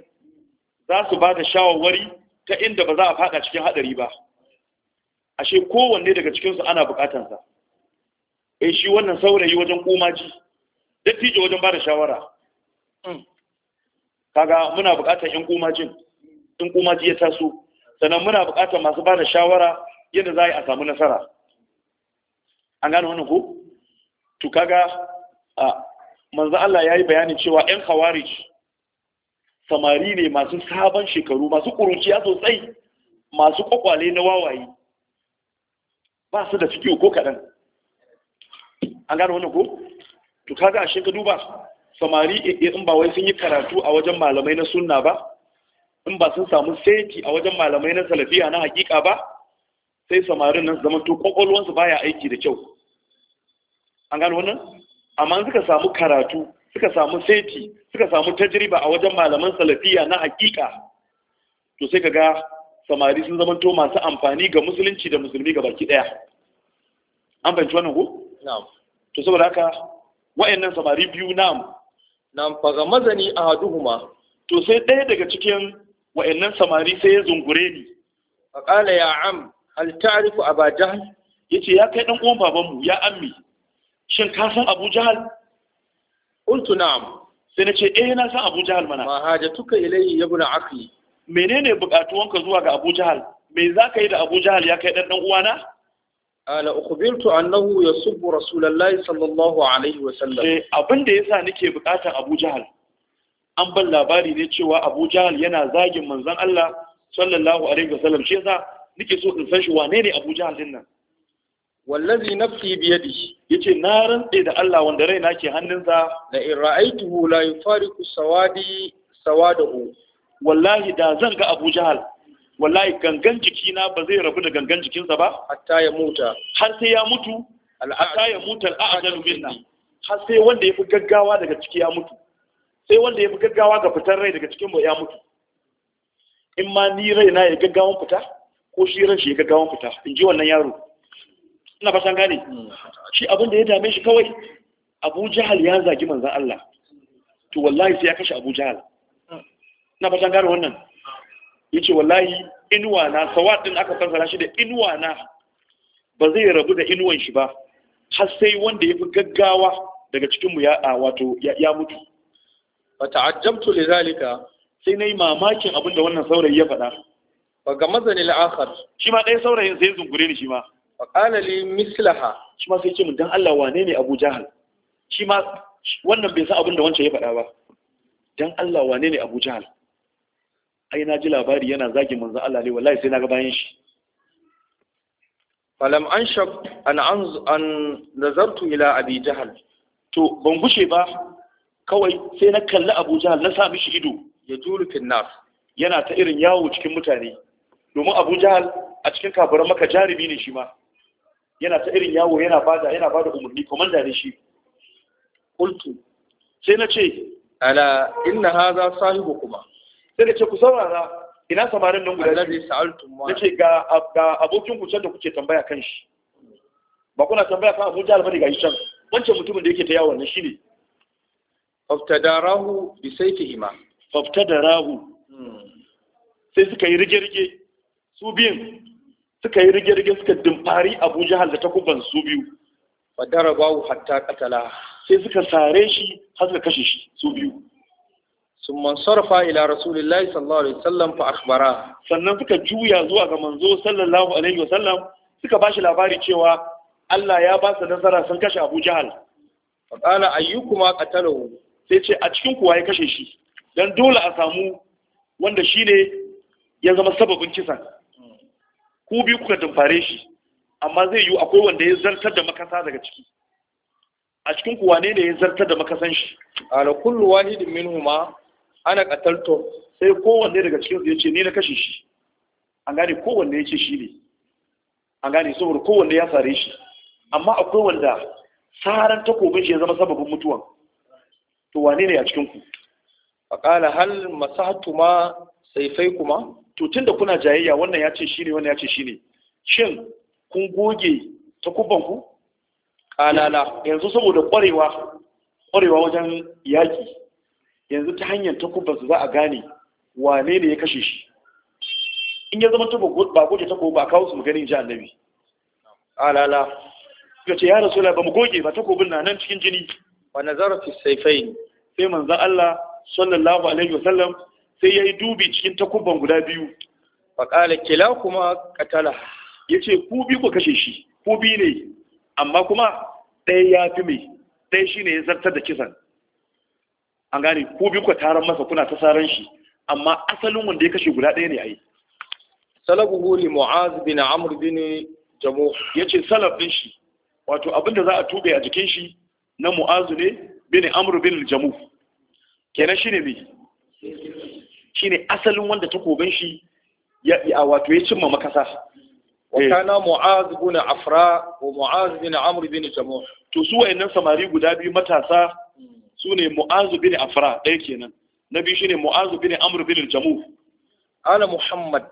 za su ba da shawarwari ta inda ba za a fada cikin hadari ba ashe kowanne daga cikinsu ana bukatansa E, eh, shi wannan saurayi wajen kumaji dattijo wajen ba da shawara hmm. kaga muna bukatar yan kumajin in kumaji ya taso sannan muna bukatar masu ba da shawara yadda za a yi samu nasara an gane wannan ko tukaga a. manzo Allah ya yi bayani cewa 'yan khawarij samari ne masu sabon shekaru masu ƙuruciya sosai masu ƙwaƙwale na wawaye ba su da fikiyo ko kaɗan an gano wani ko? to kaga a ka duba samari in ba wai sun yi karatu a wajen malamai na sunna ba in ba sun samu seti a wajen malamai na salafiya na hakika ba sai samarin nan zama to kwakwalwansu baya aiki da kyau an gano wannan amma suka samu karatu suka samu saiti suka samu tajriba a wajen malaman salafiya na hakika to sai kaga samari sun to masu amfani ga musulunci da musulmi ga baki daya an fahimci wannan ko na'am to saboda haka wayannan samari biyu na'am nan faga mazani a haduhuma. to sai ɗaya daga cikin wayannan samari sai ya zungure ni qala ya am hal ta'rifu aba jahl yace ya kai dan uwan babanmu ya ammi shin ka san abu jahal qultu na'am sai na ce eh na san abu jahal mana ma hajatuka ilayhi ya buna akli menene bukatuwanka zuwa ga abu jahal me za ka yi da abu jahal ya kai dan uwana ala ukhbirtu annahu yasubbu rasulullahi sallallahu alaihi wa sallam eh abinda sa nake bukatar abu jahal an ban labari ne cewa abu jahal yana zagin manzon Allah sallallahu alaihi wa sallam shi yasa nake so in san shi wane ne abu jahal din nan wallazi nafsi biyadi yace na rantse da Allah wanda raina ke hannunsa la in ra'aituhu la yufariqu sawadi sawadahu wallahi da zan ga Abu Jahal wallahi gangan jikina ba zai rabu da gangan jikinsa ba hatta ya muta har sai ya mutu hatta ya muta al'ajalu minna har sai wanda yafi gaggawa daga ciki ya mutu sai wanda yafi gaggawa ga fitar rai daga cikin ya mutu in ma ni raina ya gaggawan fita ko shi ran shi ya gaggawan fita in ji wannan yaro ina fashan gane hmm. shi abin ya dame shi kawai abu ya zagi manzan Allah to wallahi sai ya kashe abu ina fashan gane wannan ya ce wallahi inuwa na sawadin din aka fassara shi da inuwa na ba zai rabu da inuwan shi ba har sai wanda ya fi gaggawa daga cikinmu ya wato ya mutu Ba ta'ajjabtu li zalika sai nayi mamakin abin da wannan saurayi ya faɗa ba ga mazanil akhar shi ma ɗaya saurayin sai zungure ni shi ma faƙala li mislaha shi ma sai ce mun dan Allah wane ne Abu Jahal shi ma wannan bai san abin da wancan ya faɗa ba dan Allah wane ne Abu Jahal ai na ji labari yana zagin manzo Allah ne wallahi sai na ga bayan shi falam an anz an nazartu ila abi jahal to ban gushe ba kawai sai na kalli abu jahal na sa mishi ido ya juru fil yana ta irin yawo cikin mutane domin abu jahal a cikin kafara maka jarumi ne shi ma yana ta irin yawo yana bada yana bada umarni komanda ne shi qultu sai na ce ala inna hadha kuma. sai na ce ku saurara ina samarin nan guda na ce ga ga abokin ku can da kuke tambaya kan shi ba kuna tambaya kan Abu Jahl ga shi wancan mutumin da yake ta yawon nan shine faftadarahu bi sayfihima faftadarahu hmm. sai suka yi rige-rige su biyun suka yi rige-rige suka dimfari abu jihar da takuban su biyu ba bawu hatta katala sai suka sare shi har suka kashe shi su biyu sun mansarfa ila rasulillahi sallallahu alaihi wasallam fa akhbara sannan suka juya zuwa ga manzo sallallahu alaihi wasallam suka ba shi labari cewa Allah ya ba su nasara sun kashe Abu Jahal fa qala ayyukuma qatalahu sai ce a cikin kuwa ya kashe shi dan dole a samu wanda shine ya zama sababin kisan ku biyu kuka dumfare shi amma zai yiwu akwai wanda ya zartar da makasa daga ciki a cikin kuwa wane ne ya zartar da makasan shi ala kullu wahidin huma ana katalto sai kowanne daga cikin su yace ni na kashe shi an gane kowanne yace shi ne an gane saboda kowanne ya sare shi amma akwai wanda saran takobin shi ya zama sababin mutuwan to wane ne a cikin ku faqala hal masahatuma sayfaykuma kuma to tunda kuna jayayya wannan ya ce shine wannan ya ce shine shin kun goge takubban ku kalala yanzu saboda kwarewa kwarewa wajen yaki yanzu ta hanyar takubban su za a gane wane ne ya kashe shi in ya zama tuba ba goge takobi ba kawo su mu ganin ji annabi kalala ya ce ya rasula ba mu goge ba takobin na nan cikin jini wa nazara fi saifain sai manzon Allah sallallahu alaihi wasallam sai ya yi dubi cikin takubban guda biyu faƙala kila kuma katala ya ce ku biyu ku kashe shi ku biyu ne amma kuma ɗaya ya fi mai ɗaya shi ne ya zartar da kisan an gane ku biyu ku taron masa kuna ta saran shi amma asalin wanda ya kashe guda ɗaya ne a yi salabuhu li mu'az bin amr bin Ya ce salab din shi wato abinda za a tube a jikin shi na mu'az ne bin amr bin jamuh kenan ne me shine asalin wanda takobin shi ya wato ya cimma makasa wakana eh. mu'az bin afra wa mu'az bin amr bin jamuh to su wayannan samari guda biyu matasa hmm. su ne mu'az bin afra ɗaya kenan na biyu shine mu'az bin amr bin jamuh ana muhammad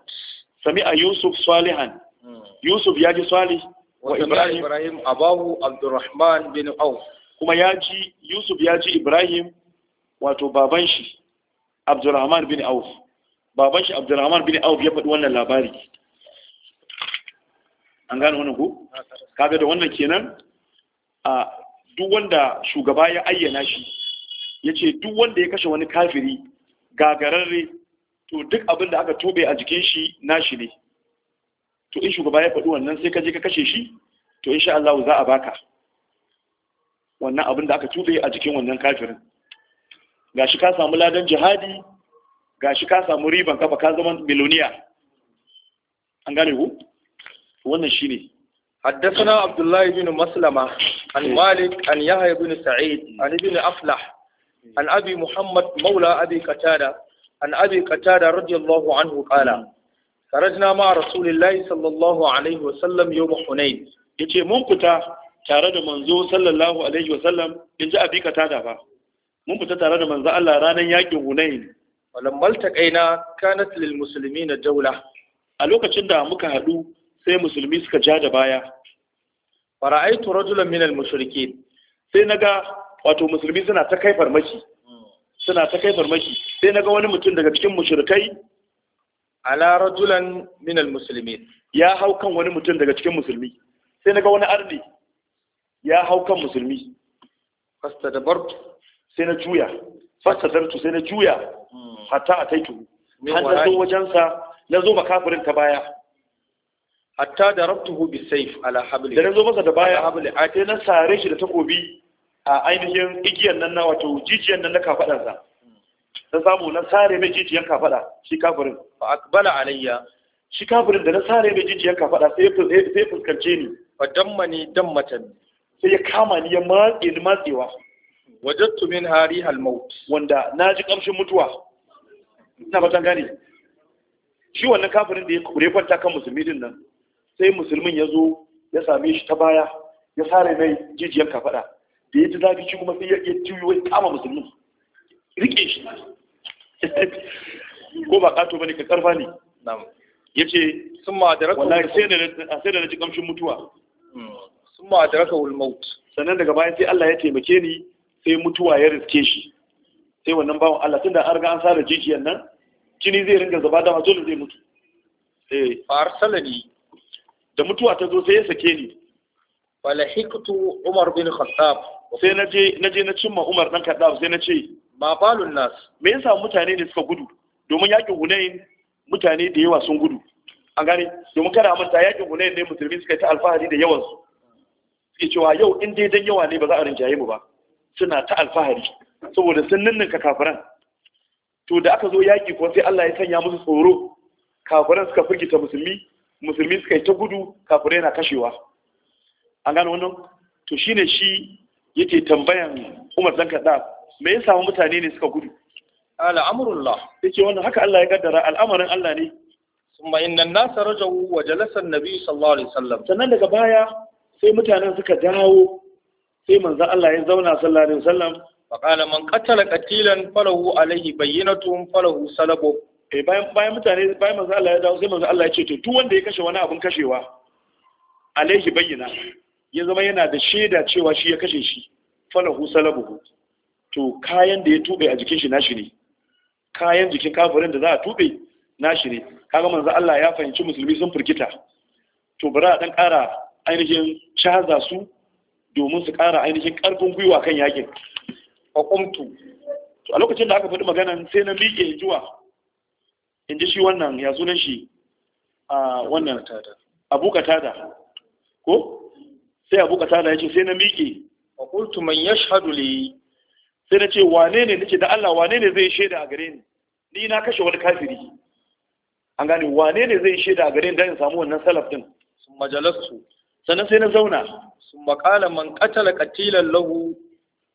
Sami a yusuf salihan hmm. yusuf ya ji sali wa ibrahim ibrahim abahu abdurrahman bin auf kuma ya ji yusuf ya ji ibrahim wato baban shi abdurrahman bin auf baban shi abdurrahman bin auf ya faɗi wannan labari an gane wannan ko kaga da wannan kenan a duk wanda shugaba ya ayyana shi ya ce duk wanda ya kashe wani kafiri gagararre to duk abin da aka tobe a jikin shi nashi ne to in shugaba ya faɗi wannan sai ka je ka kashe shi to insha Allah za a baka wannan abin da aka tobe a jikin wannan kafirin gashi ka samu ladan jihadi gashi ka samu riban kafa ka zama miloniya an gane ku wannan shine حدثنا عبد الله بن مسلمة عن مالك عن يحيى بن سعيد عن ابن أفلح عن أبي محمد مولى أبي قتادة عن أبي قتادة رضي الله عنه قال خرجنا مع رسول الله صلى الله عليه وسلم يوم حنين mun fita tare da manzo sallallahu alaihi wasallam in ji abi mun fita tare da manzo Allah ranar yakin Hunayn walam maltaqaina kanat lil muslimina dawla a lokacin da muka hadu sai musulmi suka ja da baya fara'aitu rajulan min al mushrikin sai naga wato musulmi suna ta kai farmaki suna ta kai farmaki sai naga wani mutum daga cikin mushrikai ala rajulan min al muslimin ya hau kan wani mutum daga cikin musulmi sai naga wani arni ya hau kan musulmi fastadbartu sai na juya fasta zartu sai na juya hmm. hatta a taitu har na zo wajensa na zo makafirin ta baya hatta da rabtuhu bi saif ala habli da na zo masa da baya habli a sai na sare shi da takobi a ainihin igiyan nan na wato jijiyan nan na sa na samu na sare mai jijiyan kafada shi kafirin fa akbala alayya shi kafirin da na sare mai jijiyan kafada sai sai fuskance ni fa dammani dammatan sai ya kama ni ya matse ni matsewa wajattu min hari halmaut wanda na ji kamshin mutuwa ina fatan gane shi wannan kafirin da ya kwanta kan musulmi din nan sai musulmin ya zo ya same shi ta baya ya sare mai jijiyar kafada da ya ji zafi shi kuma sai ya tiyo ya kama musulmin rike shi ko ba kato bane ka karfa ne ya ce sun ma da raka wallahi sai da na ji kamshin mutuwa hmm. sun ma da raka wul maut sannan daga bayan sai Allah ya taimake ni sai mutuwa ya riske shi sai wannan bawan Allah tunda an riga an da jijiyan nan jini zai ringa zaba dama dole zai mutu eh arsalani da mutuwa ta zo sai ya sake ni falahiktu Umar bin Khattab sai naje naje na cimma Umar dan Khattab sai nace ma balun nas me yasa mutane ne suka gudu domin yakin Hunain mutane da yawa sun gudu an gane domin kada amanta yakin Hunain ne musulmi suka ta alfahari da yawan su suke cewa yau in dai dan yawa ne ba za a rinjaye mu ba suna ta alfahari saboda sun ninninka kafiran to da aka zo yaƙi ko sai Allah ya sanya musu tsoro kafiran suka firgita musulmi musulmi suka yi ta gudu kafirai na kashewa an gano wannan to shine shi yake tambayan Umar dan kada me ya samu mutane ne suka gudu al'amrullah yake wannan haka Allah ya gaddara al'amarin Allah ne kuma innan an-nas rajau wa jalasa an-nabi sallallahu alaihi wasallam sannan daga baya sai mutanen suka dawo sai manzo Allah ya zauna sallallahu alaihi wasallam faqala man qatala qatilan falahu alaihi bayyinatun falahu salabu eh bayan bayan mutane bayan manzo Allah ya dawo sai manzo Allah ya ce to duk wanda ya kashe wani abun kashewa alaihi bayyina ya zama yana da shaida cewa shi ya kashe shi falahu salabu to kayan da ya tube a jikin shi nashi ne kayan jikin kafirin da za a tube nashi ne kaga manzo Allah ya fahimci musulmi sun firgita to bara dan ƙara ainihin caza su domin su ƙara ainihin ƙarfin gwiwa kan yakin a ƙumtu a lokacin da aka faɗi maganan sai na miƙe juwa in ji shi wannan ya sunan shi a wannan abu tada ko sai abu tada ya ce sai na miƙe a ƙultu man ya shahadu le sai na ce wane ne nake da Allah wane ne zai shaida a gare ni ni na kashe wani kafiri an gane wane ne zai shaida a gare ni don in samu wannan salaf din sun sannan sai na zauna summa qala man qatala qatilan lahu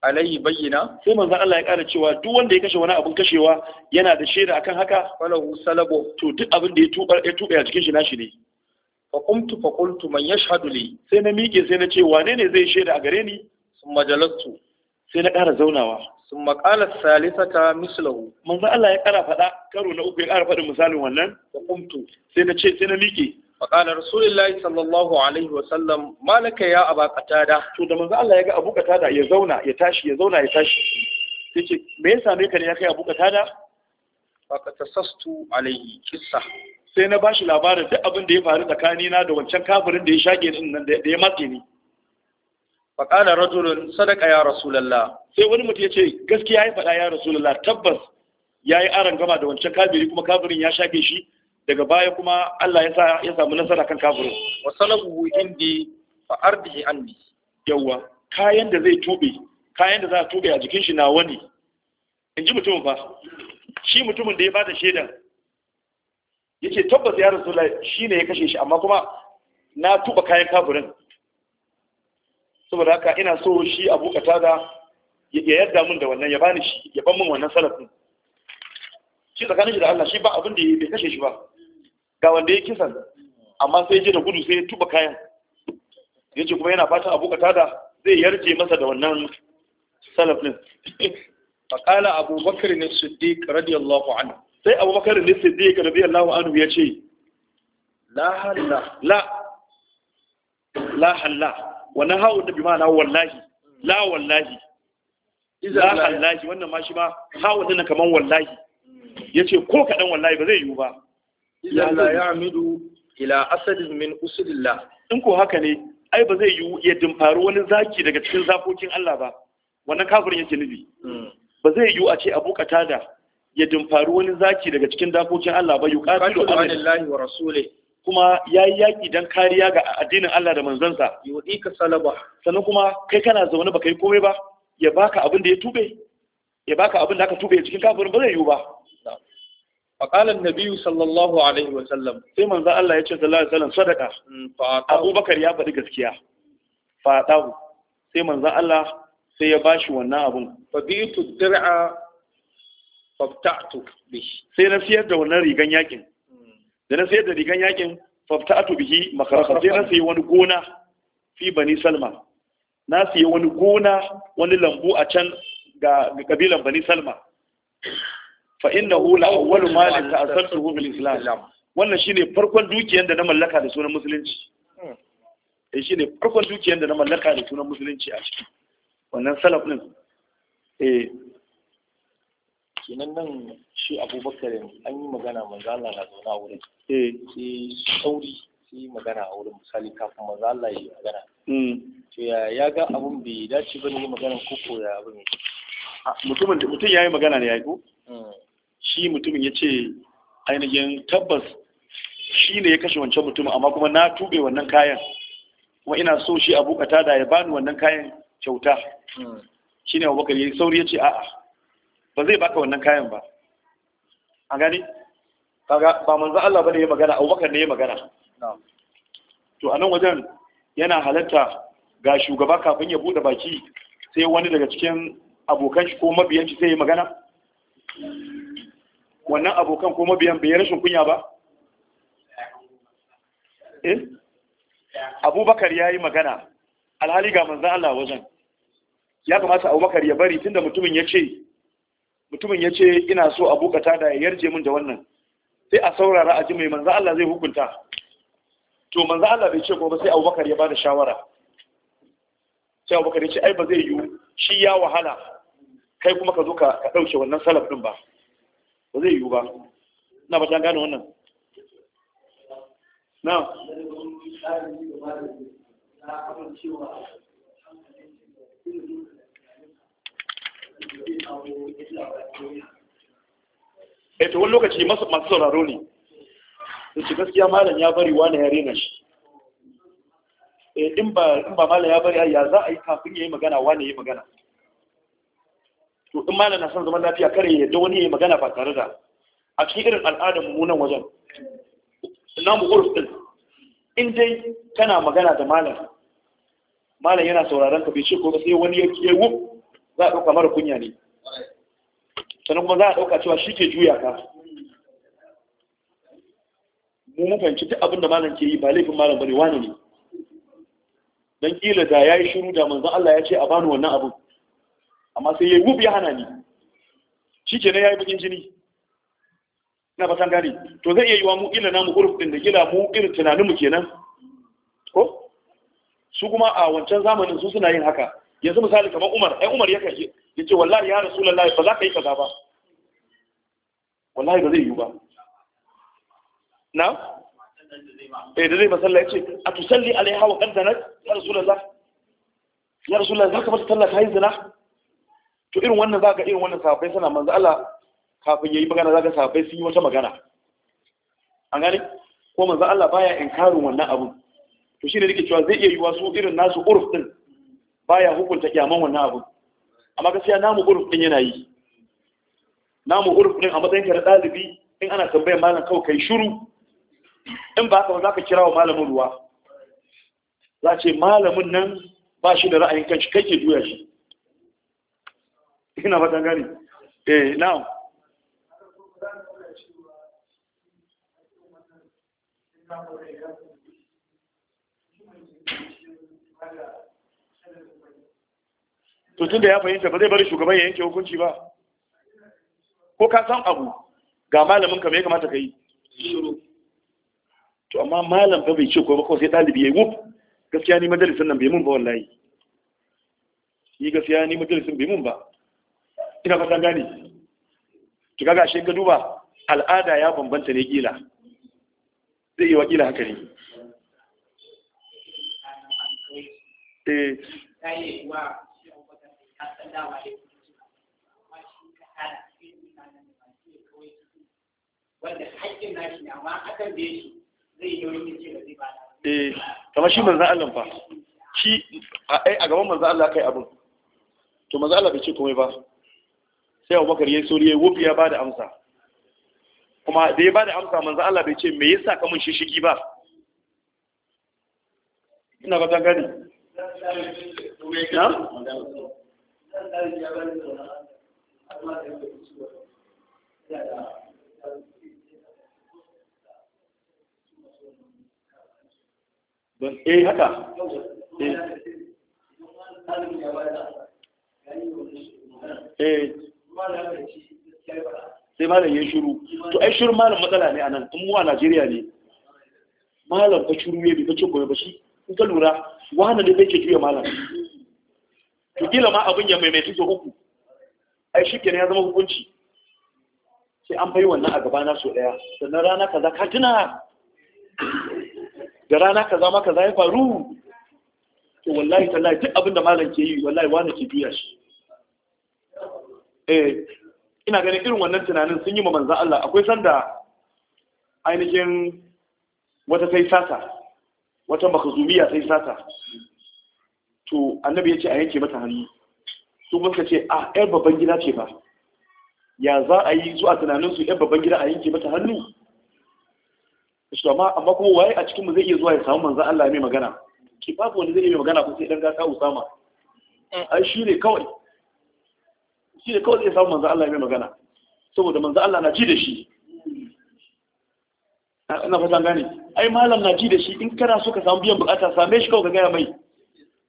alayhi bayyina sai manzo Allah ya kara cewa duk wanda ya kashe wani abun kashewa yana da shaida akan haka falahu salabu to duk abin da ya tuba ya tuba a cikin shi nashi ne fa qumtu fa qultu man yashhadu li sai na miƙe sai na ce wane ne zai shaida a gare ni summa jalastu sai na ƙara zaunawa summa qala salisata mislahu manzo Allah ya kara faɗa karo na uku ya kara faɗin misalin wannan fa qumtu sai na ce sai na miƙe faƙalar rasulullahi sallallahu alaihi wasallam malaka ya aba katada to da manzo Allah ya ga abu katada ya zauna ya tashi ya zauna ya tashi yace me ya same ka ne ya kai abu katada faqatasastu Alayhi, kissa sai na bashi labarin duk abin da ya faru tsakani na da wancan kafirin da ya shage din nan da ya matse ni faƙala rajulun sadaka ya rasulullah sai wani mutum ya ce gaskiya ya faɗa ya rasulullah tabbas ya yi aron gama da wancan kafiri kuma kafirin ya shage shi daga baya kuma Allah ya sa ya samu nasara kan kafiru wa salabu indi fa ardihi anni yawa kayan da zai tube kayan da za a tube a jikin shi na wani in ji mutumin fa shi mutumin da ya bada shaidan yace tabbas ya rasulullahi shine ya kashe shi amma kuma na tuba kayan kafirin saboda haka ina so shi abu katada ya yarda mun da wannan ya bani shi ya ban mun wannan salafin shi tsakanin shi da Allah shi ba abin da bai kashe shi ba ga wanda ya kisan amma sai je da gudu sai ya tuba kayan yace kuma yana fatan abu da zai yarje masa da wannan salaf din [LAUGHS] faqala abu bakr ibn siddiq radiyallahu anhu sai abu bakr ibn siddiq radiyallahu anhu yace la halla la la halla wannan hawo da bima wallahi la wallahi la hallahi wannan ma shi ma hawa na kaman wallahi yace ko kadan wallahi ba zai yiwu ba ila la ya'midu ila asadin min usulillah in ko haka ne ai ba zai yi ya dimfaru wani zaki daga cikin zakokin Allah ba wannan kafirin yake nufi hmm. ba zai yi a ce abu katada ya dimfaru wani zaki daga cikin zakokin Allah ba yuqatilu anillahi wa rasuli kuma yayi yaki dan kariya ga addinin Allah da manzansa yudika salaba sannan kuma kai kana zaune ba kai komai ba ya baka abin da ya tube ya baka abin da aka tube cikin kafirin ba zai yi ba faƙalar nabiyu sallallahu alaihi wasallam sai manzo Allah ya ce sallallahu alaihi wasallam sadaka abubakar ya faɗi gaskiya faɗahu sai manzo Allah sai ya bashi wannan abun fabitu dir'a fabta'tu bihi sai na siyar da wannan rigan yakin da na siyar da rigan yakin fabta'tu bihi makaraka sai na sayi wani gona fi bani salma na sayi wani gona wani lambu a can ga kabilan bani salma fa hu la awwalu malin ta'assartuhu bil islam wannan shine farkon dukiyar da na mallaka da sunan musulunci eh shine farkon dukiyar da na mallaka da sunan musulunci a ciki wannan salaf din eh kenan nan shi abubakar an yi magana manzo Allah na zauna a wurin eh sai sauri sai magana a wurin misali kafin manzo Allah ya magana hmm. to ya ya ga abun bai dace bane yi magana ko ya abun ah, mutumin mutum yayi magana ne yayi ko hmm. shi mutumin ya ce ainihin tabbas shi ne ya kashe wancan mutumin amma kuma na tube wannan kayan kuma ina so shi abu da ya bani wannan kayan kyauta shi ne abubakar ya sauri ya ce a'a ba zai baka wannan kayan ba a gani ba manzan Allah ba ne ya magana abubakar ne ya magana to a nan wajen yana halatta ga shugaba kafin ya bude baki sai wani daga cikin abokan shi ko mabiyan shi sai ya magana wannan abokan ko mabiyan bai rashin kunya ba eh abubakar ya yi magana alhali ga manzan Allah wajen ya kamata abubakar ya bari tunda mutumin ya ce mutumin ya ce ina so abokata da ya yarje min da wannan sai a saurara a ji mai manzan Allah zai hukunta to manzan Allah bai ce ba sai abubakar ya bada shawara sai abubakar ya ce ai ba zai yiwu shi ya wahala kai kuma ka zo ka ɗauke wannan salaf ɗin ba ba zai yiwu ba na ba ta gane wannan na e eh, to wani lokaci masu sauraro ne da shi gaskiya malam ya bari wani ya rena shi eh, in ba malam ya bari ya za a yi kafin ya yi magana wani ya yi magana to in malam na son zaman lafiya kare ya yadda wani ya magana ba tare da a cikin irin al'adar mummunan wajen namu urf din in dai kana magana da malam malam yana sauraron ka bai ce ko sai wani ya ke wu za a ɗauka mara kunya ne sannan kuma za a ɗauka cewa shi ke juya ka mu mun fahimci duk abin da malam ke yi ba laifin malam bane wani ne dan kila da yayi shiru da manzon Allah ya ce a bani wannan abun. amma sai ya yi wuf ya hana ni shi ke ya yi bugin jini na fatan gane to zai iya yi wa mu ila namu urf din da gila mu irin tunaninmu kenan ko su kuma a wancan zamanin su suna yin haka yanzu misali kamar umar ai umar ya kai ya ce wallahi ya rasulullahi ba za ka yi kaza ba wallahi ba zai yi ba na eh da zai masalla ya ce a tusalli alaiha wa qaddanat ya rasulullah ya rasulullah za ka bar sallah ta yin zina to irin wannan zaka irin wannan safai suna manzo Allah kafin yayi magana zaka safai sun yi wata magana an gane ko manzo Allah baya inkarin wannan abu to shine nake cewa zai iya yi su irin nasu uruf din baya hukunta kiyaman wannan abu amma gaskiya namu uruf din yana yi namu uruf din a matsayin ka dalibi in ana tambayar malam kawai kai shiru in ba ka ba zaka kira wa malamin ruwa za ce malamin nan ba shi da ra'ayin kanshi kake juya shi ina fatan gani eh now to tun da ya fahimta ba zai bari shugaban ya yanke hukunci ba ko ka san abu ga malamin ka me kamata ka yi to amma malam fa bai ce ko ba kawai sai dalibi yayi wuf gaskiya ni majalisin nan bai mun ba wallahi ni gaskiya ni majalisin bai mun ba ina fatan gane to kaga shi ga duba al'ada ya bambanta ne kila zai yi wakila haka ne eh wanda haƙƙin nashi ne ba shi fa shi a eh, gaban manzo Allah kai abin, to manzo Allah bai ce komai ba sai abubakar ya yi sori ya wufi ya ba da amsa kuma da ya ba da amsa manzo Allah bai ce me yasa ka mun shishigi ba ina ba gani na don eh haka eh, eh. sai malam ya shiru to ai shuru malam matsala ne anan kuma wa a Najeriya ne malam ka shiru ya bi ka ce koyo ba shi in ka lura wani ne bai ke juya malam to kila ma abin ya maimaitu so uku ai shi kenan ya zama hukunci sai an bai wannan a gabana so daya sannan rana kaza ka tuna da rana kaza ma kaza ya faru to wallahi tallahi duk abin da malam ke yi wallahi wani ke juya shi Eh, ina ganin irin wannan tunanin sun yi ma manzan Allah akwai sanda ainihin wata sai sata wata makazumiya sai sata to annabi ya ce a yanke mata hannu su kuma ce a ah, yar babban gida ce ba ya za a yi zuwa tunaninsu yar babban gida a yanke mata hannu su amma amma kuma waye a cikinmu zai iya zuwa ya samu manzan Allah mai magana ki babu wanda zai iya magana ko sai dan gasa Usama mm. ai shi ne kawai shi ne kawai zai samu manzan Allah mai magana saboda manzan Allah na ji da shi ina fatan gane ai malam na ji da shi in kana so ka samu biyan bukata same shi kawai ka gaya mai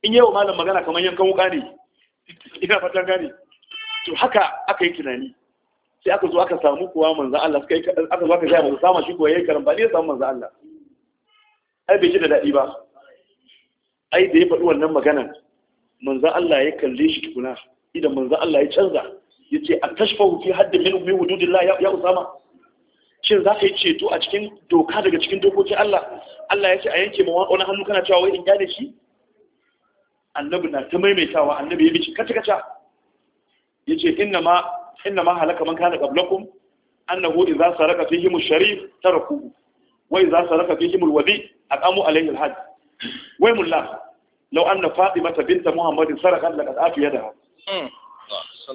in yau malam magana kamar yankan wuka ne ina fatan gane to haka aka yi tunani sai aka zo aka samu kuwa manzan Allah suka aka zo aka gaya manzo sama shi kuwa yayi karamba ne samu manzan Allah ai bai ji da dadi ba ai da ya faɗi wannan maganar manzan Allah ya kalle shi tukuna idan manzo Allah ya canza ya ce a tashfahu fi haddin min ummi wujudillah ya usama shin za ka yi ceto a cikin doka daga cikin dokokin Allah Allah ya ce a yanke mawa wani hannu kana cewa wai in gane shi annabi na ta maimaitawa annabi ya bici kaci kaca ya ce inna ma inna ma halaka man kana qablakum annahu idza saraka fihim sharif tarakuhu wa idza saraka fihim alwadi aqamu alayhi alhad wa mulla law anna fatimata bint muhammadin sarakat laqad afiya yadaha Mm.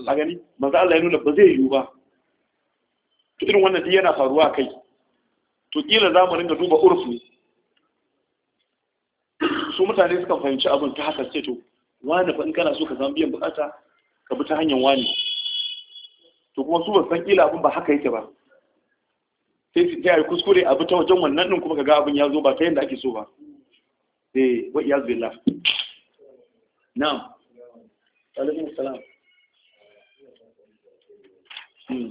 a gani maza Allah ya nuna ba zai yiwu ba to irin wannan duk yana faruwa kai to kila zamanin da duba urfu su mutane suka fahimci abin ta haka ce to wani fa in kana so ka zama biyan bukata ka bi ta hanyar wani to kuma su ba san kila abin ba haka yake ba sai su ta yi kuskure bi ta wajen wannan din kuma ka ga abin ya zo ba ta yadda ake so ba eh wa iyaz billah na'am alaikum salam Thank hmm. you.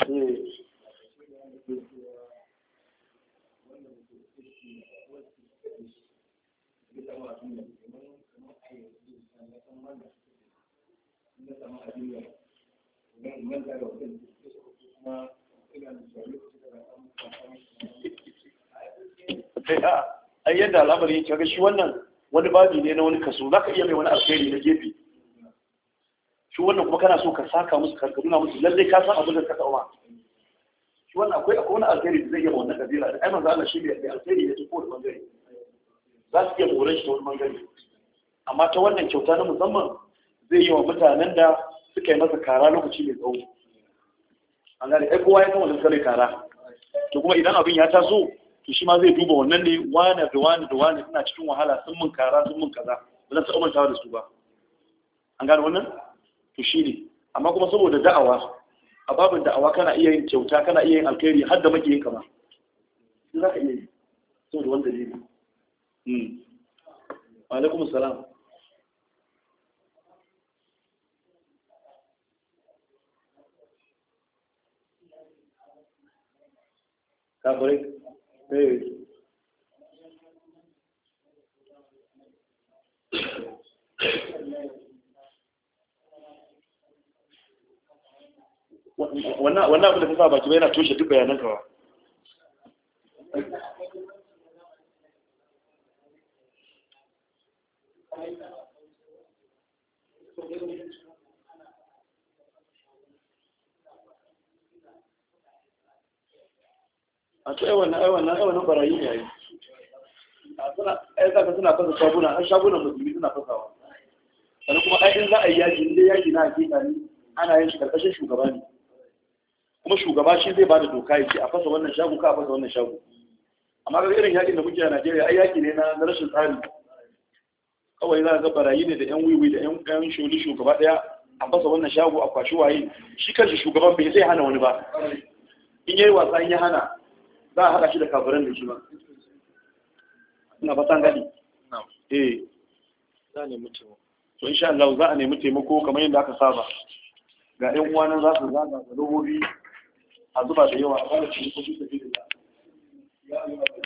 Hmm. Hmm. Ah, ai yadda al'amari yake ga shi wannan wani babi ne na wani kaso za ka iya mai wani alkhairi na gefe shi wannan kuma kana so ka saka musu karkar nuna musu lallai ka san abin da ka tsawa shi wannan akwai akwai wani alkhairi da zai yi wani wannan kabila da aiman za a shi ne alkhairi ya tafi wani bangare za su iya tsoron shi ta wani bangare amma ta wannan kyauta na musamman zai yi wa mutanen da suka yi masa kara lokaci mai tsawo an gane ai kowa ya san wanda kare kara to kuma idan abin ya taso to shi ma zai duba wannan ne wane da wane da wane suna cikin wahala sun mun kara sun mun kaza ba zan taɓa mantawa da su ba an gane wannan to shi ne amma kuma saboda da'awa a babin da'awa kana iya yin kyauta kana iya yin alkhairi har da yin kama za ka iya yi saboda wanda ne hmm. alaikum salam kafirai eh. wannan abin da ka baki yana toshe duk bayanan kawa Thank you. a ce wannan ai wannan ai wannan barayi ne ai suna suna fasa shaguna ai shagunan musulmi suna fasawa sannan kuma ai za a yi yaji in yaji na hakika ne ana yin shi karkashin shugaba ne kuma shugaba shi zai ba da doka ya ce a fasa wannan shago ka a fasa wannan shago amma ga irin yakin da muke a Najeriya ai yaki ne na rashin tsari kawai za ga barayi ne da yan wiwi da yan yan sholi shugaba daya a fasa wannan shago a kwashi waye shi kanshi shugaban bai zai hana wani ba in yayi wasa in ya hana za a haɗa shi da kafiran da shi ba ina san gadi eh za a nemi taimako to insha Allah za a nemi taimako kamar yadda aka saba ga ƴan uwana za su zaga da lobobi a zuba da yawa a fara cikin kuɗi da ya